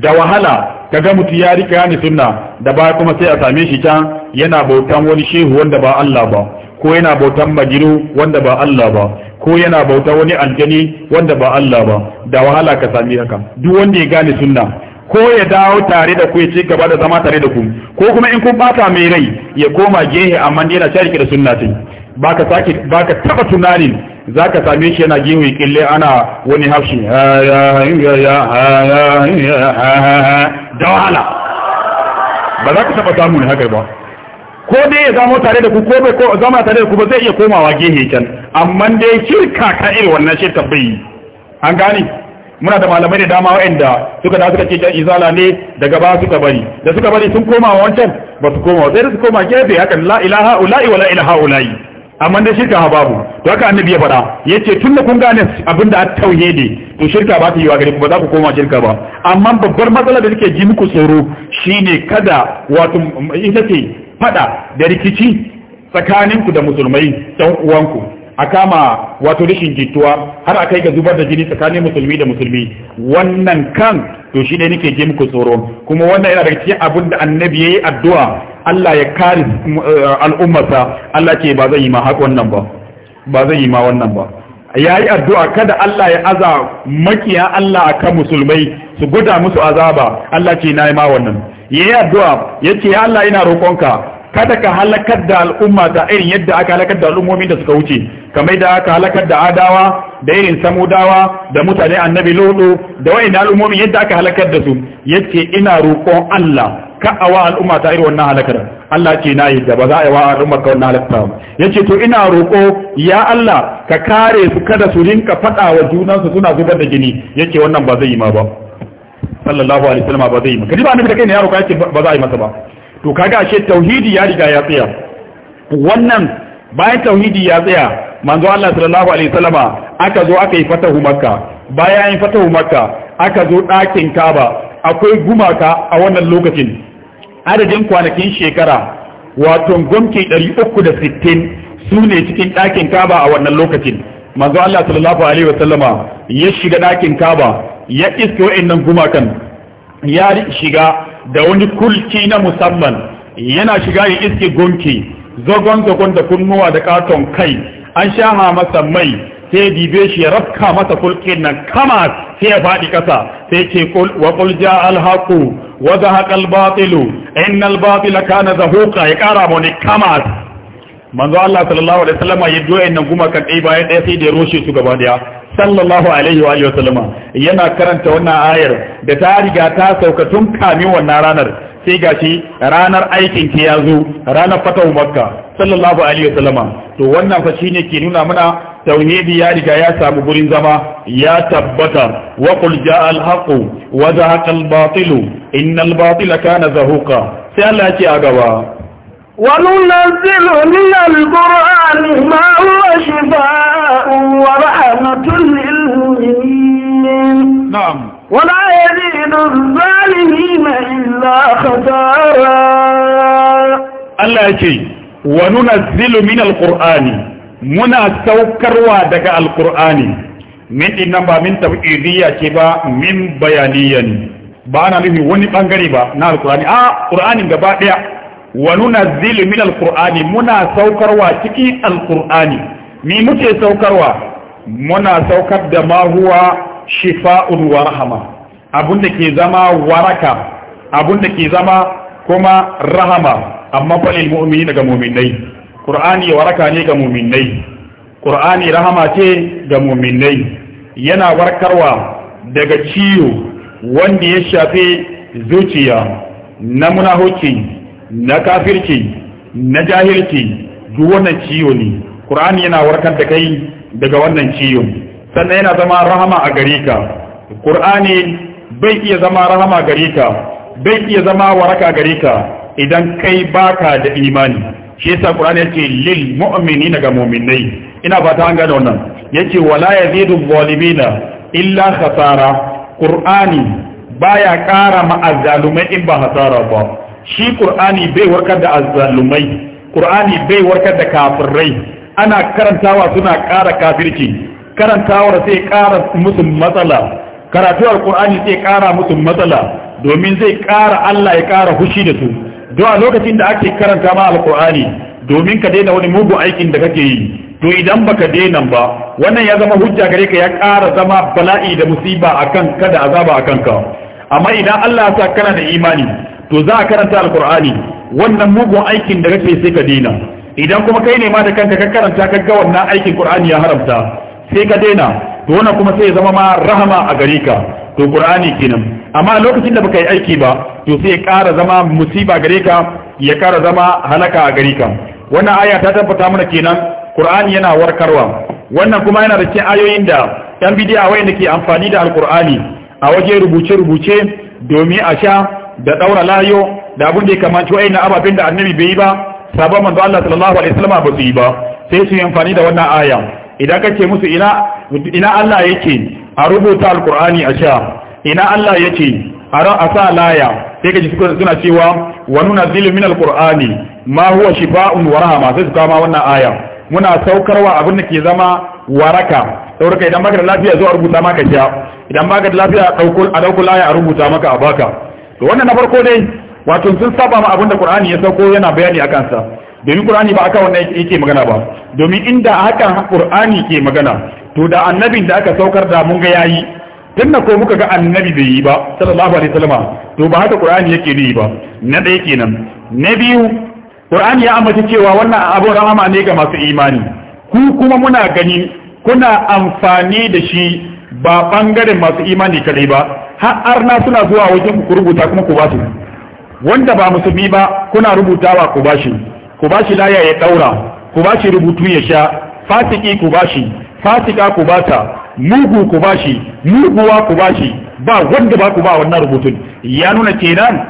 da wahala ka ga mutum ya rika gane sunna da ba kuma sai a same shi can yana bautan wani shehu wanda ba Allah ba ko yana bautan majiru wanda ba Allah ba ko yana bautan wani aljani wanda ba Allah ba da wahala ka sami haka duk wanda ya gane sunna ko ya dawo tare da ku ya ci gaba da zama tare da ku ko kuma in kun bata mai rai ya koma gehe amma yana shariki da sunna din baka sake baka taba tunanin zaka same shi yana gehe kille ana wani hafshi da wahala ba za ka taba ne haka ba ko dai ya zama tare da ku ko bai ko zama tare da ku ba zai iya komawa gehe can amma dai kirka ka irin wannan shirka bai an gani muna da malamai da dama waɗanda suka da suka ce da izala ne daga ba suka bari da suka bari sun koma wancan ba su koma sai su koma gefe hakan la ilaha ula'i wala ilaha ula'i amma dai shirka babu to haka annabi ya faɗa yace tunda kun gane abin da tauhidi to shirka ba ta yi wa gare ku ba za ku koma shirka ba amma babbar matsala da take ji muku tsoro shine kada wato ita ce faɗa da rikici tsakaninku da musulmai dan uwanku a kama wato rashin jituwa har a kai ga zubar da jini tsakanin musulmi da musulmi wannan kan to shi ne nake je muku tsoro kuma wannan yana daga cikin abin da annabi yayi addu'a Allah ya kare mm, eh, al'ummarsa Allah ce ba zan yi ma haka wannan ba ba zan yi ma wannan ba yayi addu'a kada Allah ya aza makiya Allah akan musulmai su guda musu azaba Allah ce na yi ma wannan yayi addu'a yace ya Allah ina roƙonka kada ka halakar da al'umma ta irin yadda aka halakar da al'ummomin da suka wuce kamar da aka halakar da adawa da irin samudawa da mutane annabi lodo da wa'in al'ummomin yadda aka halakar da su yace ina roƙon Allah ka awa al'umma ta irin wannan halakar Allah ce na yi da ba za a yi wa al'umma ka wannan halakar yace to ina roƙo ya Allah ka kare su kada su rinka faɗa wa junansu suna zubar da jini yace wannan ba zai yi ma ba sallallahu alaihi wasallam ba zai yi ma kadi ba annabi da kai ne ya roƙa yace ba za a yi masa ba to kaga ashe tauhidi ya riga ya tsaya wannan bayan tauhidi ya tsaya manzo Allah sallallahu alaihi wasallama aka zo aka yi fatahu makka bayan yin fatahu makka aka zo ɗakin kaba akwai gumaka a wannan lokacin adadin kwanakin shekara wato gomki 360 su ne cikin ɗakin kaba a wannan lokacin manzo Allah sallallahu alaihi wasallama ya shiga ɗakin kaba ya iske wa'annan gumakan ya shiga da wani kulki na musamman yana shiga ya iske gunki zagon zagon da kunnuwa da katon kai an shaha masa mai sai dibe shi ya rafka masa kulkin nan kama sai ya faɗi ƙasa sai ce wa ja alhaku wa zahaqa albatilu inna albatila kana zahuka ya ƙara wani kama manzo Allah sallallahu alaihi wasallam ya doye nan guma kan dai bayan ɗaya sai da ya roshe su gaba daya sallallahu alaihi wa alihi wasallama yana karanta wannan ayar da ta riga ta sauka tun kamin wannan ranar sai gashi ranar aikin ki ya zo ranar fatahu makka sallallahu alaihi wasallama to wannan fa shine ke nuna mana tauhidi ya riga ya samu gurin zama ya tabbata wa qul jaa al haqq wa zahaqa al batil innal batila kana zahuqa sai Allah ce a gaba وننزل من القرآن ما هو شفاء ورحمة للمؤمنين نعم ولا يزيد الظالمين إلا خسارا الله يكي وننزل من القرآن منا سوكروا دقاء القرآن من إنما من تبعيدية كبا من بيانيا بانا ana وني wani bangare ba na alkurani a qur'anin gaba daya wa nunazzilu min alqur'ani muna saukarwa Ni muke saukarwa muna saukar da ma huwa shifa'un wa rahama abun da ke zama waraka abun da ke zama kuma rahama amma falil mu'mini daga mu'minai qur'ani waraka ne ga mu'minai qur'ani rahama ce ga mu'minai yana warkarwa daga ciwo wanda ya shafe zuciya na munahuci na kafirci na jahilci duk wannan ciwo ne Qur'ani yana warkar da kai daga wannan ciwo sannan yana zama rahama a gare ka Qur'ani bai iya zama rahama gare ka bai iya zama waraka gare ka idan kai baka da imani shi yasa Qur'ani yake lil mu'minina ga mu'minai ina ba ta gane wannan yake wala yazidu zalimina illa khasara Qur'ani baya kara ma azzalumai in ba hasara ba shi Qur'ani bai warkar da azzalumai Qur'ani bai warkar da kafirai ana karantawa suna ƙara kafirki, karantawar sai ƙara musu matsala karatu alƙur'ani sai ƙara musu matsala domin zai ƙara Allah ya ƙara hushi da su don a lokacin da ake karanta ma alkur'ani domin ka daina wani mugu aikin da kake yi to idan baka daina ba wannan ya zama hujja gare ka ya ƙara zama bala'i da musiba akan ka da azaba akan ka amma idan Allah ya sa kana da imani to za a karanta alkur'ani wannan mugun aikin da kake sai ka daina idan kuma kai ne ma da kanka ka karanta ka ga wannan aikin qur'ani ya haramta sai ka daina to wannan kuma sai ya zama ma rahama a gare ka to qur'ani kenan amma lokacin da baka yi aiki ba to sai ya kara zama musiba gare ka ya kara zama halaka a gare ka wannan aya ta tabbata mana kenan qur'ani yana warkarwa wannan kuma yana da cikin ayoyin da yan bidiya wayanda ke amfani da alqur'ani a waje rubuce rubuce domin a sha da daura layo da abin da ya kamanci wayannan ababen da annabi bai yi ba sabon manzo Allah sallallahu alaihi wasallam ba su yi ba sai su yi amfani da wannan aya idan ce musu ina ina Allah yake a rubuta alqur'ani a sha ina Allah yake a sa laya sai kaji suna cewa wa nunazzilu min alqur'ani ma huwa shifaa'un wa rahma sai su kama wannan aya muna saukarwa abin da ke zama waraka sauraka idan baka da lafiya zo a rubuta maka sha idan baka da lafiya a dauko laya a rubuta maka a baka to wannan na farko dai wato sun saba ma abinda Qur'ani ya sauko yana bayani a kansa domin Qur'ani ba aka wannan yake magana ba domin inda hakan Qur'ani ke magana to da annabin da aka saukar da mun ga yayi tunda ko muka ga annabi bai yi ba sallallahu alaihi wasallam to ba haka Qur'ani yake yi ba na yake kenan na biyu Qur'ani ya ambaci cewa wannan abu rahama ne ga masu imani ku kuma muna gani kuna amfani da shi ba bangaren masu imani kadai ba har arna suna zuwa wajen ku rubuta kuma ku ba su wanda ba musulmi ba kuna rubutawa ku bashi ku bashi laya ya daura ku bashi rubutu ya sha Fatiki ku bashi fasika ku bata mugu ku bashi muguwa ku bashi ba wanda ba ku ba wannan rubutun ya nuna kenan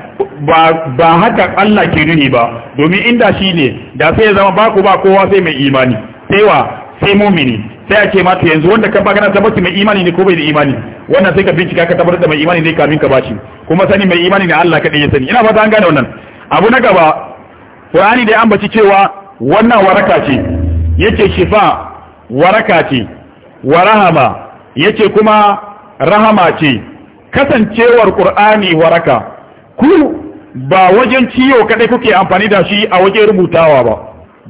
ba ba haka Allah ke nuni ba domin inda shi ne da sai ya zama ba ku ba kowa sai mai imani sai wa sai mumini sai a ce mata yanzu wanda ka magana ta mai imani ne ko bai da imani wannan sai ka bincika ka tabbatar da mai imani ne kamin ka bashi kuma sani mai imani ne Allah kadai ya sani ina fata an gane wannan abu na gaba Qur'ani da ambaci cewa wannan waraka ce yace shifa waraka ce warahama yace kuma rahama ce kasancewar Qur'ani waraka ku ba wajen ciwo kadai kuke amfani da shi a wajen rubutawa ba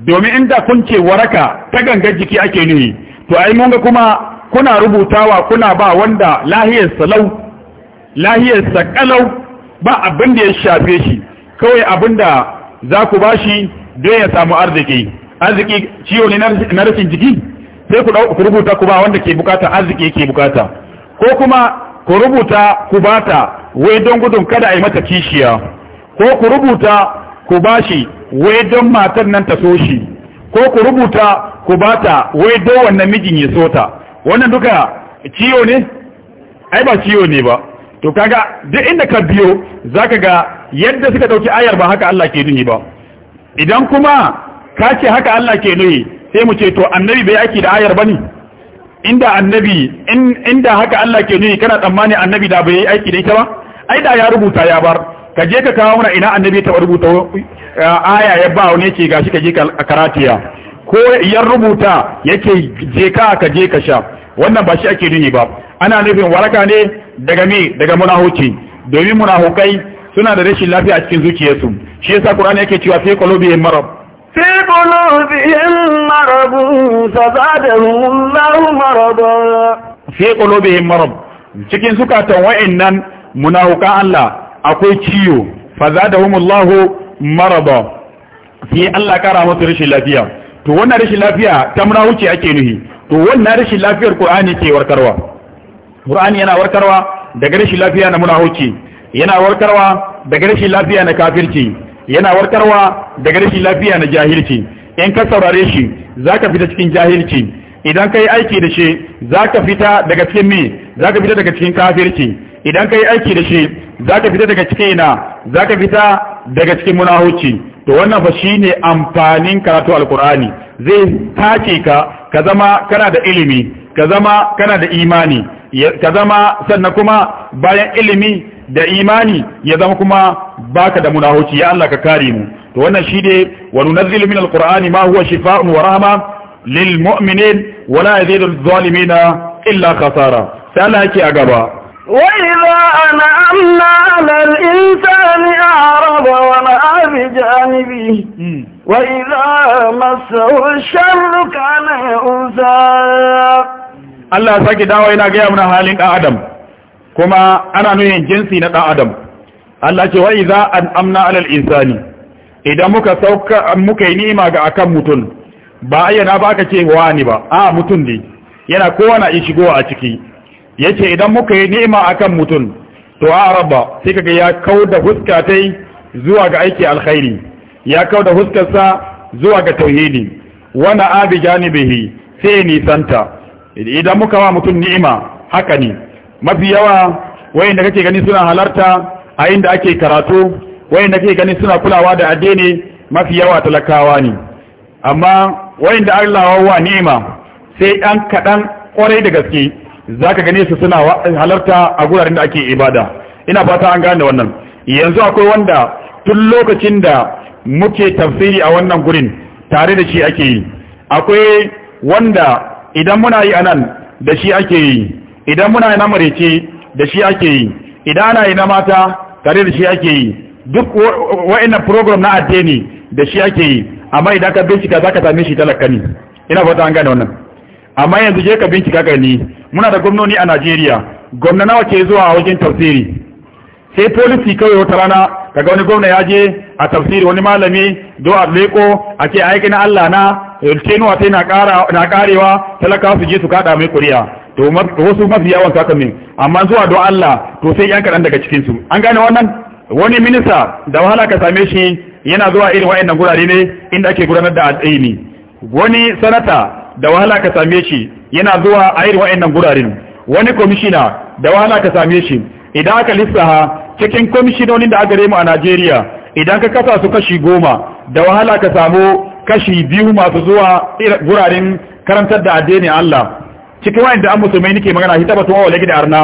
domin inda kun ce waraka ta gangar jiki ake nuni. to ai mun ga kuma kuna rubutawa kuna ba wanda lahiyar salau lahiyar sakalau ba abin da ya shafe shi kawai abin da za ku bashi don ya samu arziki arziki ciwo ne na rashin jiki sai ku rubuta ku ba wanda ke bukata arziki ke bukata ko kuma ku rubuta ku bata wai don gudun kada a yi mata kishiya ko ku rubuta ku bashi wai don matar nan ta so shi ko ku rubuta ku bata wai do wannan mijin ya sota wannan duka ciyo ne ai ba ciyo ne ba to kaga duk inda ka biyo zaka ga yadda suka dauki ayar ba haka Allah ke nuni ba idan kuma ka ce haka Allah ke nuni sai mu ce to annabi bai aiki da ayar bane inda annabi inda haka Allah ke nuni kana tsammani annabi da bai aiki da ita ba ai da ya rubuta ya bar ka je ka kawo mana ina annabi ta rubuta uh, aya ya ba wani ce gashi ka je ka karatiya ko ya rubuta yake je ka ka je ka sha wannan ba shi ake nuni ba ana nufin waraka ne daga me daga munahuci domin munahukai suna da rashin lafiya a cikin zuciyarsu shi yasa qur'ani yake cewa fi qulubihim marab fi qulubihim marad fazadahum Allahu marada fi qulubihim marab cikin zukatan wa'annan munahuka Allah akwai ciwo fazadahum Allahu maraba fi Allah kara musu rashin lafiya to wannan rashin lafiya ta muna ake nuhi to wannan rashin lafiyar qur'ani ke warkarwa qur'ani yana warkarwa daga rashin lafiya na muna yana warkarwa daga rashin lafiya na kafirci yana warkarwa daga rashin lafiya na jahilci in ka saurare shi zaka fita cikin jahilci idan kai aiki da shi zaka fita daga cikin me zaka fita daga cikin kafirci idan kai aiki da shi zaka fita daga cikin ina zaka fita daga cikin munahuci to wannan fa shine amfanin karatu alqur'ani zai tace ka ka zama kana da ilimi ka zama kana da imani ka zama sannan kuma bayan ilimi da imani ya zama kuma baka da munahuci ya Allah ka kare mu to wannan shi ne wa nunazzilu min alqur'ani ma huwa shifaa'un wa rahma lil mu'minin wa la yazidu adh-dhalimina illa khasara sai Allah yake a gaba وإذا أنعمنا على الإنسان أعرض ونأى بجانبه وإذا مسه الشر كان يؤذى Allah sake dawo yana gaya mana halin ɗan Adam kuma ana nuyin jinsi na ɗan Adam Allah ce wai za a amna alal insani idan muka sauka yi ni'ima ga akan mutum ba ayyana ba aka ce ni ba "A'a, mutum ne yana kowa na shigowa a ciki yace idan muka yi ni'ima akan mutum to a araba sai kaga ya kauda huska tai zuwa ga aiki alkhairi ya kauda huskarsa zuwa ga tauhidi wana abi janibihi sai ni santa idan muka wa mutum ni'ima haka ne mafi yawa wayanda kake gani suna halarta a inda ake karatu wayanda kake gani suna kulawa da addini mafi yawa talakawa ne amma wayanda Allah wa ni'ima sai dan kadan kwarai da gaske Za ka gane su suna halarta a guraren da ake ibada ina fata an gane wannan yanzu akwai wanda tun lokacin da muke tafsiri a wannan gurin tare da shi ake yi akwai wanda idan muna yi anan da shi ake yi idan muna yi na marece da shi ake yi idan ana yi na mata tare da shi ake yi duk wa'annan program na addini da shi ake yi amma idan ka bincika za ka same shi talaka ne ina fata an gane wannan amma yanzu je ka bincika gani muna da gwamnoni a Najeriya gwamna nawa ke zuwa a wajen tafsiri sai policy kawai wata rana daga wani gwamna ya je a tafsiri wani malami do a leko a ce aiki na Allah na tenuwa ta na karewa talaka su je su kada mai kuriya to wasu mafi yawan saka min amma zuwa do Allah to sai yan kaɗan daga cikin su an gane wannan wani minista da wahala ka same shi yana zuwa irin wa'annan gurare ne inda ake gudanar da al'aini wani sanata da wahala ka same shi yana zuwa a irin wa'annan guraren wani komishina da wahala ka same shi idan aka lissaha cikin komishinonin da aka remu a Najeriya idan ka kasa su kashi goma da wahala ka samu kashi biyu masu zuwa guraren karantar da addinin Allah cikin wa'anda an musulmai nake magana shi tun wa gida arna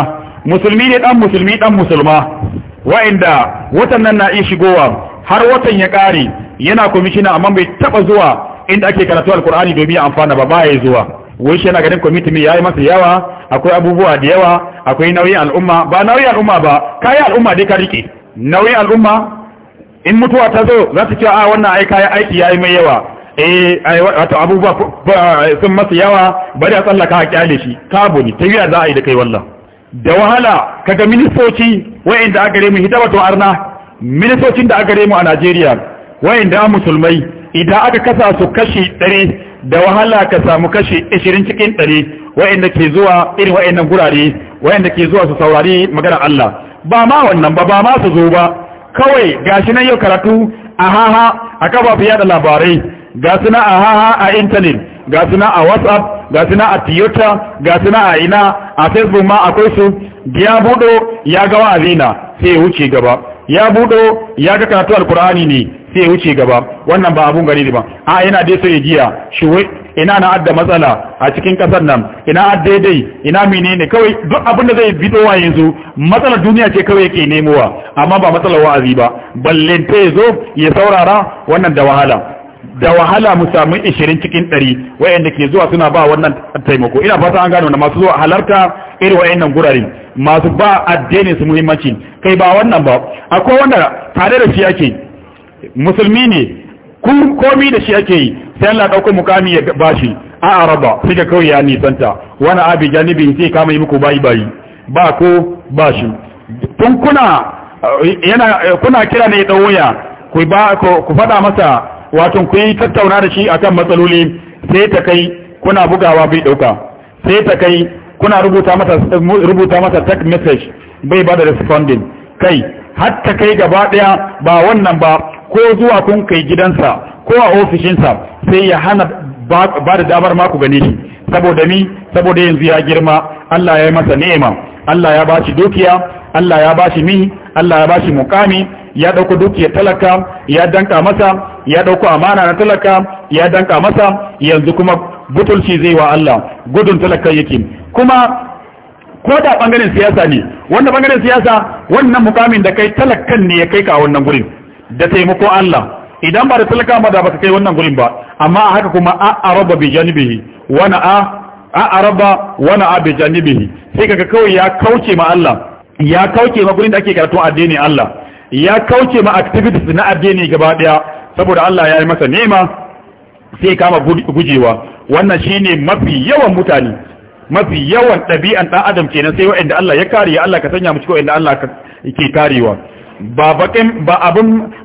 musulmi ne dan musulmi dan musulma wa'anda watan nan na iya shigowa har watan ya kare yana komishina amma bai taba zuwa inda ake karatu alkur'ani domin ya amfana ba baya zuwa wai shi yana ganin committee yayi masa yawa akwai abubuwa da yawa akwai nauyin al'umma ba nauyin al'umma ba kayi al'umma dai ka rike nauyin al'umma in mutuwa ta zo za ta cewa a ah, wannan ai kayan aiki yayi mai yawa eh wato abubuwa sun masa yawa bari a tsallaka a kyale shi kabo ne tafiya za a yi da kai wallah da wahala kaga ministoci wayanda aka gare mu hidabatu arna ministocin da aka gare mu a Najeriya wayanda musulmai idan aka kasa su kashi ɗari da wahala ka samu kashi ishirin cikin ɗari wa'inda ke zuwa irin wa'innan gurare wa'inda ke zuwa su saurari magana Allah ba ma wannan ba ba ma su zo ba kawai gashi nan yau karatu a haha a kafafu yada labarai ga suna a haha a intanet ga suna a whatsapp ga suna a tiyota ga suna a ina a facebook ma akwai su ya budo ya ga zina sai ya wuce gaba ya budo ya ga karatu alkur'ani ne sai ya wuce gaba wannan ba abun gari ne ba a yana dai so ya giya shi ina na adda matsala a cikin kasar nan ina adda dai ina menene kawai duk abin da zai wa yanzu matsalar duniya ce kawai yake nemowa amma ba matsalar wa'azi ba balle ta zo ya saurara wannan da wahala da wahala mu samu 20 cikin 100 wayanda ke zuwa suna ba wannan taimako ina fasa an gano na masu zuwa halarta irin wayannan gurare masu ba addinin su muhimmanci kai ba wannan ba akwai wanda tare da shi ake musulmi ne komi da shi ake yi sai Allah dauko mukami ya bashi a araba sai ka kawai ya nisanta wani abi janibi sai kama yi muku bayi bayi ba ko bashi tun kuna yana kuna kira ne dan waya ku ba ku fada masa wato ku yi tattauna da shi akan matsaloli sai ta kai kuna bugawa bai dauka sai ta kai kuna rubuta masa rubuta masa text message bai bada responding kai hatta kai gaba daya ba wannan ba ko zuwa kun kai gidansa ko a ofishinsa sai ya hana ba da damar ma ku gane shi saboda ni saboda yanzu ya girma Allah ya yi masa ni'ima Allah ya bashi dukiya Allah ya bashi mi Allah ya bashi mukami ya dauko dukiya talaka ya danka masa ya dauko amana na talaka ya danka masa yanzu kuma butulci zai wa Allah gudun talaka yake kuma ko da bangaren siyasa ne wannan bangaren siyasa wannan mukamin da kai talakan ne ya kai ka wannan gurin da taimako Allah idan ba da talaka ma da baka kai wannan gurin ba amma haka kuma a araba bi janibihi wana a a araba wana a bi janibihi sai kaga kawai ya kauce ma Allah ya kauce ma gurin da ake karatu addini Allah ya kauce ma activities na addini gaba daya saboda Allah ya yi masa nema sai kama gujewa wannan shine mafi yawan mutane mafi yawan ɗabi'an ɗan adam kenan sai wa'anda Allah ya kare Allah ka sanya mu cikin wa'anda Allah ke karewa ba bakin ba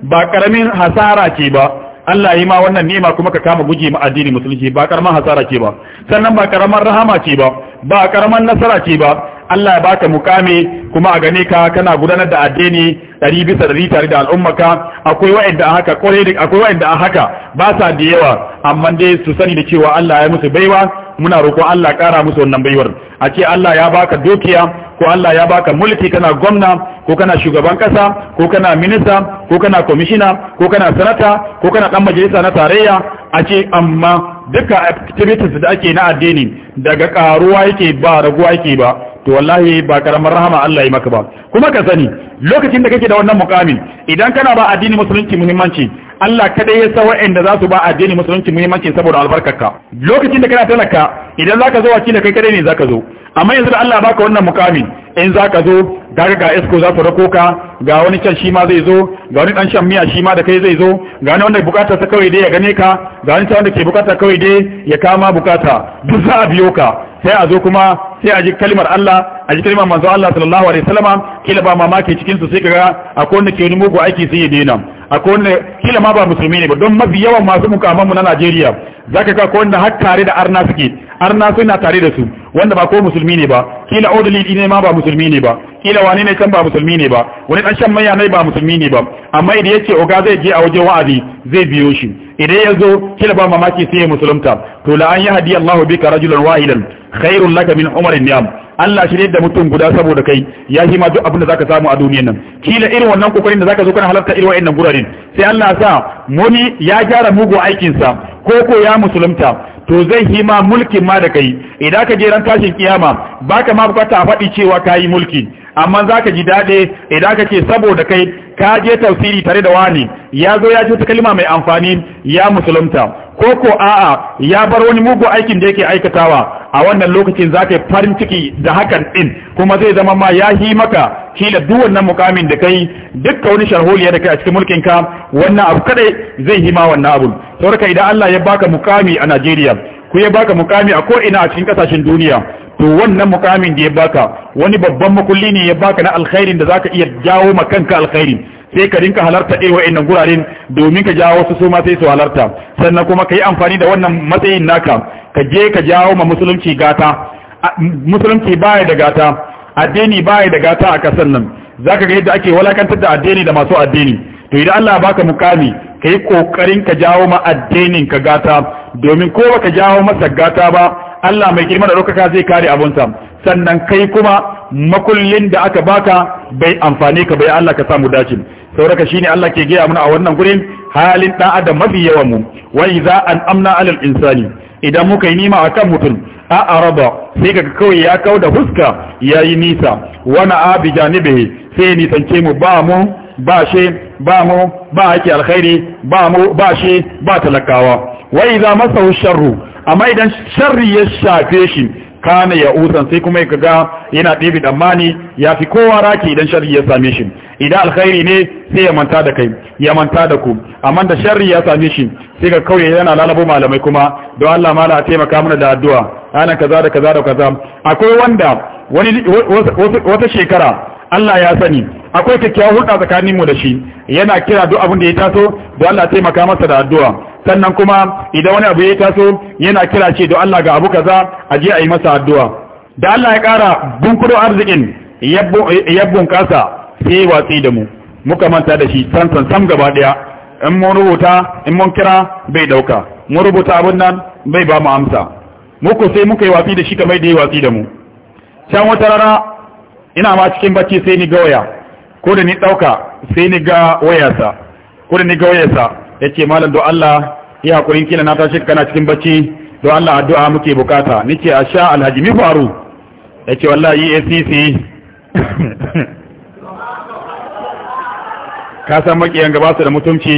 ba karamin hasara ce ba Allah yi ma wannan nema kuma ka kama guje ma addini musulunci ba karamar hasara ce ba sannan ba karamar rahama ce ba ba karamar nasara ce ba Allah ya baka mukami kuma a gane ka kana gudanar da addini ɗari bisa ɗari tare da al'ummaka akwai wa'anda haka kore da akwai wa'anda haka ba sa da yawa amma dai su sani da cewa Allah ya musu baiwa muna roƙo Allah ƙara musu wannan baiwar a ce Allah ya baka dukiya ko Allah ya baka mulki kana gwamna ko kana shugaban kasa ko kana minista ko kana kwamishina ko kana sanata ko kana dan majalisa na tarayya a ce amma duka activities da ake na addini daga karuwa yake ba raguwa yake ba to wallahi ba karamar rahama Allah ya maka ba kuma ka sani lokacin da kake da wannan mukamin idan kana ba addini musulunci muhimmanci Allah kada ya sa wa'anda za su ba addini musulunci muhimmanci saboda albarkarka lokacin da kana talaka idan zaka zo da kai kada ne zaka zo amma yanzu da Allah baka wannan mukami in zaka zo daga ga esko za su rako ka ga wani can shi ma zai zo ga wani dan shan miya shi ma da kai zai zo ga wani wanda bukata ta kawai dai ya gane ka ga wani wanda ke bukata kawai dai ya kama bukata duk za a biyo ka sai a zo kuma sai a ji kalmar Allah a ji kalmar manzo Allah sallallahu alaihi wasallam kila ba mamaki cikin su sai kaga akwai wanda ke wani mugu aiki sai ya daina akwai wanda kila ma ba musulmi ne ba don mafi yawan masu mukamanmu na Najeriya zaka ga akwai wanda har tare da arna suke arna suna tare da su wanda ba ko musulmi ne ba kila odali ne ma ba musulmi ne ba kila wani ne can ba musulmi ne ba wani dan shan maya ne ba musulmi ne ba amma idan yace oga zai je a wajen wa'azi zai biyo shi idan ya zo kila ba mamaki sai ya musulunta to la an yahdi Allahu bika rajulan wahidan khairul laka min umarin am Allah shirye da mutum guda saboda kai ya shi ma duk abin da zaka samu a duniyar nan kila irin wannan kokarin da zaka zo kana halarta irin wa'annan guraren sai Allah sa muni ya gyara mugu aikin sa ko ya musulunta to zai yi ma mulkin ma da kai idan ka je ran tashin kiyama baka ma bukata a faɗi cewa ka yi mulki amma za ka ji daɗe idan ka ce saboda kai ka je tafsiri tare da wani ya zo ya ce ta kalma mai amfani ya musulunta ko ko a'a ya bar wani mugu aikin da yake aikatawa a wannan lokacin za ka yi farin ciki da hakan din kuma zai zama ma ya yi maka kila duk wannan mukamin da kai dukkan wani sharholiya da kai a cikin mulkin ka wannan abu kadai zai hima wannan abu sauraka idan Allah ya baka mukami a Najeriya ku ya baka mukami a ko ina a cikin kasashen duniya to wannan mukamin da ya baka wani babban makulli ne ya baka na alkhairin da zaka iya jawo ma kanka alkhairin sai ka rinka halarta wa'in nan guraren domin ka jawo su su ma sai su halarta sannan kuma ka yi amfani da wannan matsayin naka ka je ka jawo ma musulunci gata musulunci baya da gata addini baya da gata a kasan nan zaka ga yadda ake walakantar da addini da masu addini to idan Allah baka mukami kai kokarin ka jawo ma addinin ka gata domin ko baka jawo masa gata ba Allah mai girma da dokaka zai kare sa sannan kai kuma makullin da aka baka bai amfane ka bai Allah ka samu dace sauraka shine Allah ke gaya mana a wannan gurin halin dan adam mafi yawan mu wa idza an amna alal insani idan muka yi nima akan mutum a araba sai ka kawai ya kauda huska yayi nisa wana abi janibe sai nisance mu ba mu ba shi ba mu ba ake alkhairi ba mu ba shi ba talakawa wai za masa sharru amma idan sharri ya shafe shi kana ya usan sai kuma kaga ga yana ɗibi damani ya fi kowa raki idan sharri ya same shi idan alkhairi ne sai ya manta da kai ya manta da ku amma da sharri ya same shi sai ka kauye yana lalabo malamai kuma don Allah mala a taimaka mana da addu'a ana kaza da kaza da kaza akwai wanda wani wata shekara Allah ya sani akwai kyakkyawar hulɗa mu da shi yana kira duk abin da ya taso da Allah taimaka masa da addu'a sannan kuma idan wani abu ya taso yana kira ce da Allah ga abu kaza a je a yi masa addu'a da Allah ya ƙara bunkuro arzikin ya bunƙasa sai watsi da mu muka manta da shi san san sam gaba ɗaya in mun rubuta in mun kira bai ɗauka mun rubuta abin nan bai ba mu amsa muku sai muka yi watsi da shi kamar da ya watsi da mu can wata rana ina ma cikin bacci sai ni ga waya ko da ni dauka sai ni ga wayarsa ko da ni ga wayarsa yace malam do Allah ya hakurin kila na tashi kana cikin bacci do Allah addu'a muke bukata nace asha alhaji mi faru yace wallahi ACC e ka san makiyan gaba su da mutunci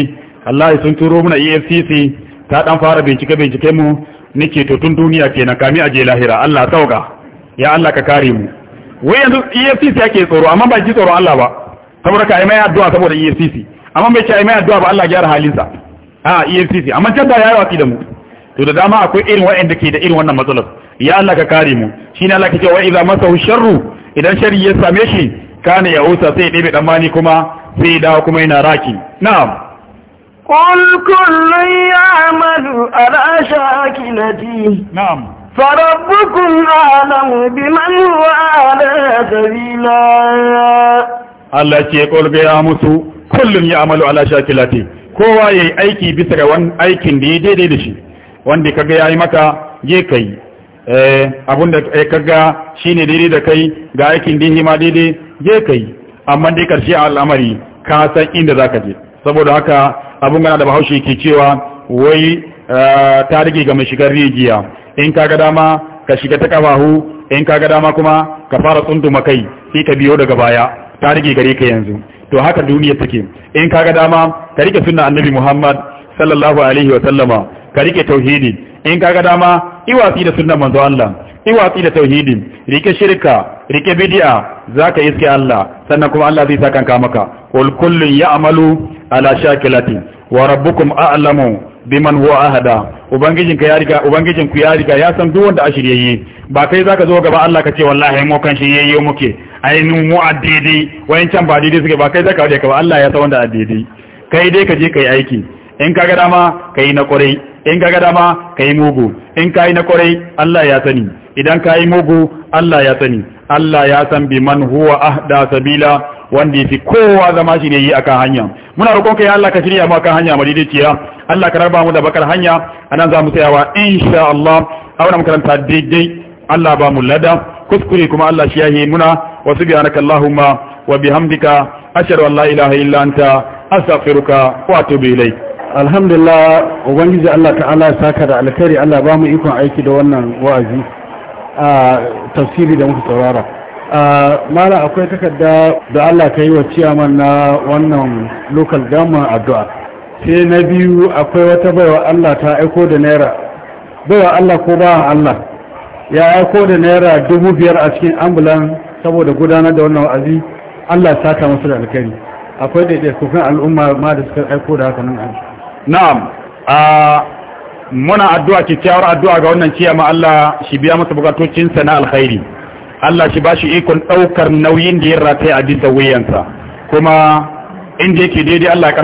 Allah sun turo mana ACC e ta dan fara bincike bincike mu nake to tun duniya kenan kami aje lahira Allah sauka ya Allah ka kare mu wai yanzu EFCC ake tsoro amma ba ji tsoro Allah ba saboda ka mai addu'a saboda EFCC amma bai ce yi mai addu'a ba Allah gyara halinsa a EFCC amma can da yi watsi da mu to da dama akwai irin wa'anda ke da irin wannan matsalar ya Allah ka kare mu shine Allah ke cewa idza masahu sharru idan sharri ya same shi kana ya usa sai ɗebe dan mani kuma sai ya dawo kuma yana raki na'am قل كل يعمل على شاكلتي نعم فربكم أعلم بمن هو أعلى سبيلا Allah ce ƙolga ya musu kullum ya amalu ala kowa ya yi aiki bisa ga wani aikin da ya daidai da shi wanda kaga ya yi maka je ka yi eh, abin da eh, kaga shi daidai da kai ga aikin da ya ma daidai je ka amma dai karshe a al'amari ka san inda za ka je saboda haka abin gana da bahaushe ke cewa wai Ah, ta rage ga mai shigar rijiya in kaga dama ka shiga ta kafahu in kaga dama kuma ka fara tsunduma kai sai ka biyo daga baya ta rage gare ka yanzu to haka duniya take in kaga dama ka rike sunna annabi Muhammad sallallahu alaihi wa sallama ka rike tauhidi in kaga dama iwatsi da sunnan manzo Allah iwatsi da tauhidi rike shirka rike bid'a zaka iske Allah sannan kuma Allah zai saka maka kul kullun ya'malu ala shakilati wa rabbukum a'lamu biman huwa ahada ubangijin ka ya riga ubangijin ku ya riga ya san duk wanda a shiryayye ba kai zaka zo gaba Allah ka ce wallahi mu kan shiryayye muke ai nu mu addidi wayan can ba didi suke ba kai zaka wade ka ba Allah ya san wanda addidi kai dai ka je kai aiki in ka ga dama kai na kwarai in ka ga dama kai mugu in kai na kwarai Allah ya sani idan kai mugu Allah ya sani Allah ya san biman huwa ahda sabila wanda fi kowa zama shiryayye akan hanya muna roƙonka ya Allah ka shirya mu kan hanya madidiciya Allah ka raba mu da bakar hanya anan za mu tsayawa insha Allah a wannan makaranta daidai Allah ba mu lada kuskure kuma Allah shi yahi muna wa subhanaka allahumma wa bihamdika ashhadu an la ilaha illa anta astaghfiruka wa atubu ilayk alhamdulillah ubangiji Allah ta'ala ya saka da alkhairi Allah ba mu ikon aiki da wannan wa'azi a tafsiri da muka saurara mala akwai takarda da Allah ka yi wa ciyaman na wannan local government addu'a sai na biyu akwai wata baiwa Allah ta aiko da naira baiwa Allah ko ba Allah ya aiko da naira dubu biyar a cikin ambulan saboda gudanar da wannan wa'azi Allah saka masu da alkari akwai kufin al'umma ma da suka aiko da haka nan na'am muna addu'a kyakkyawar addu'a ga wannan ciyama Allah shi biya masa bukatocinsa na alkhairi Allah shi bashi ikon ɗaukar nauyin da ya rataya a bisa wuyansa kuma inda yake daidai Allah ya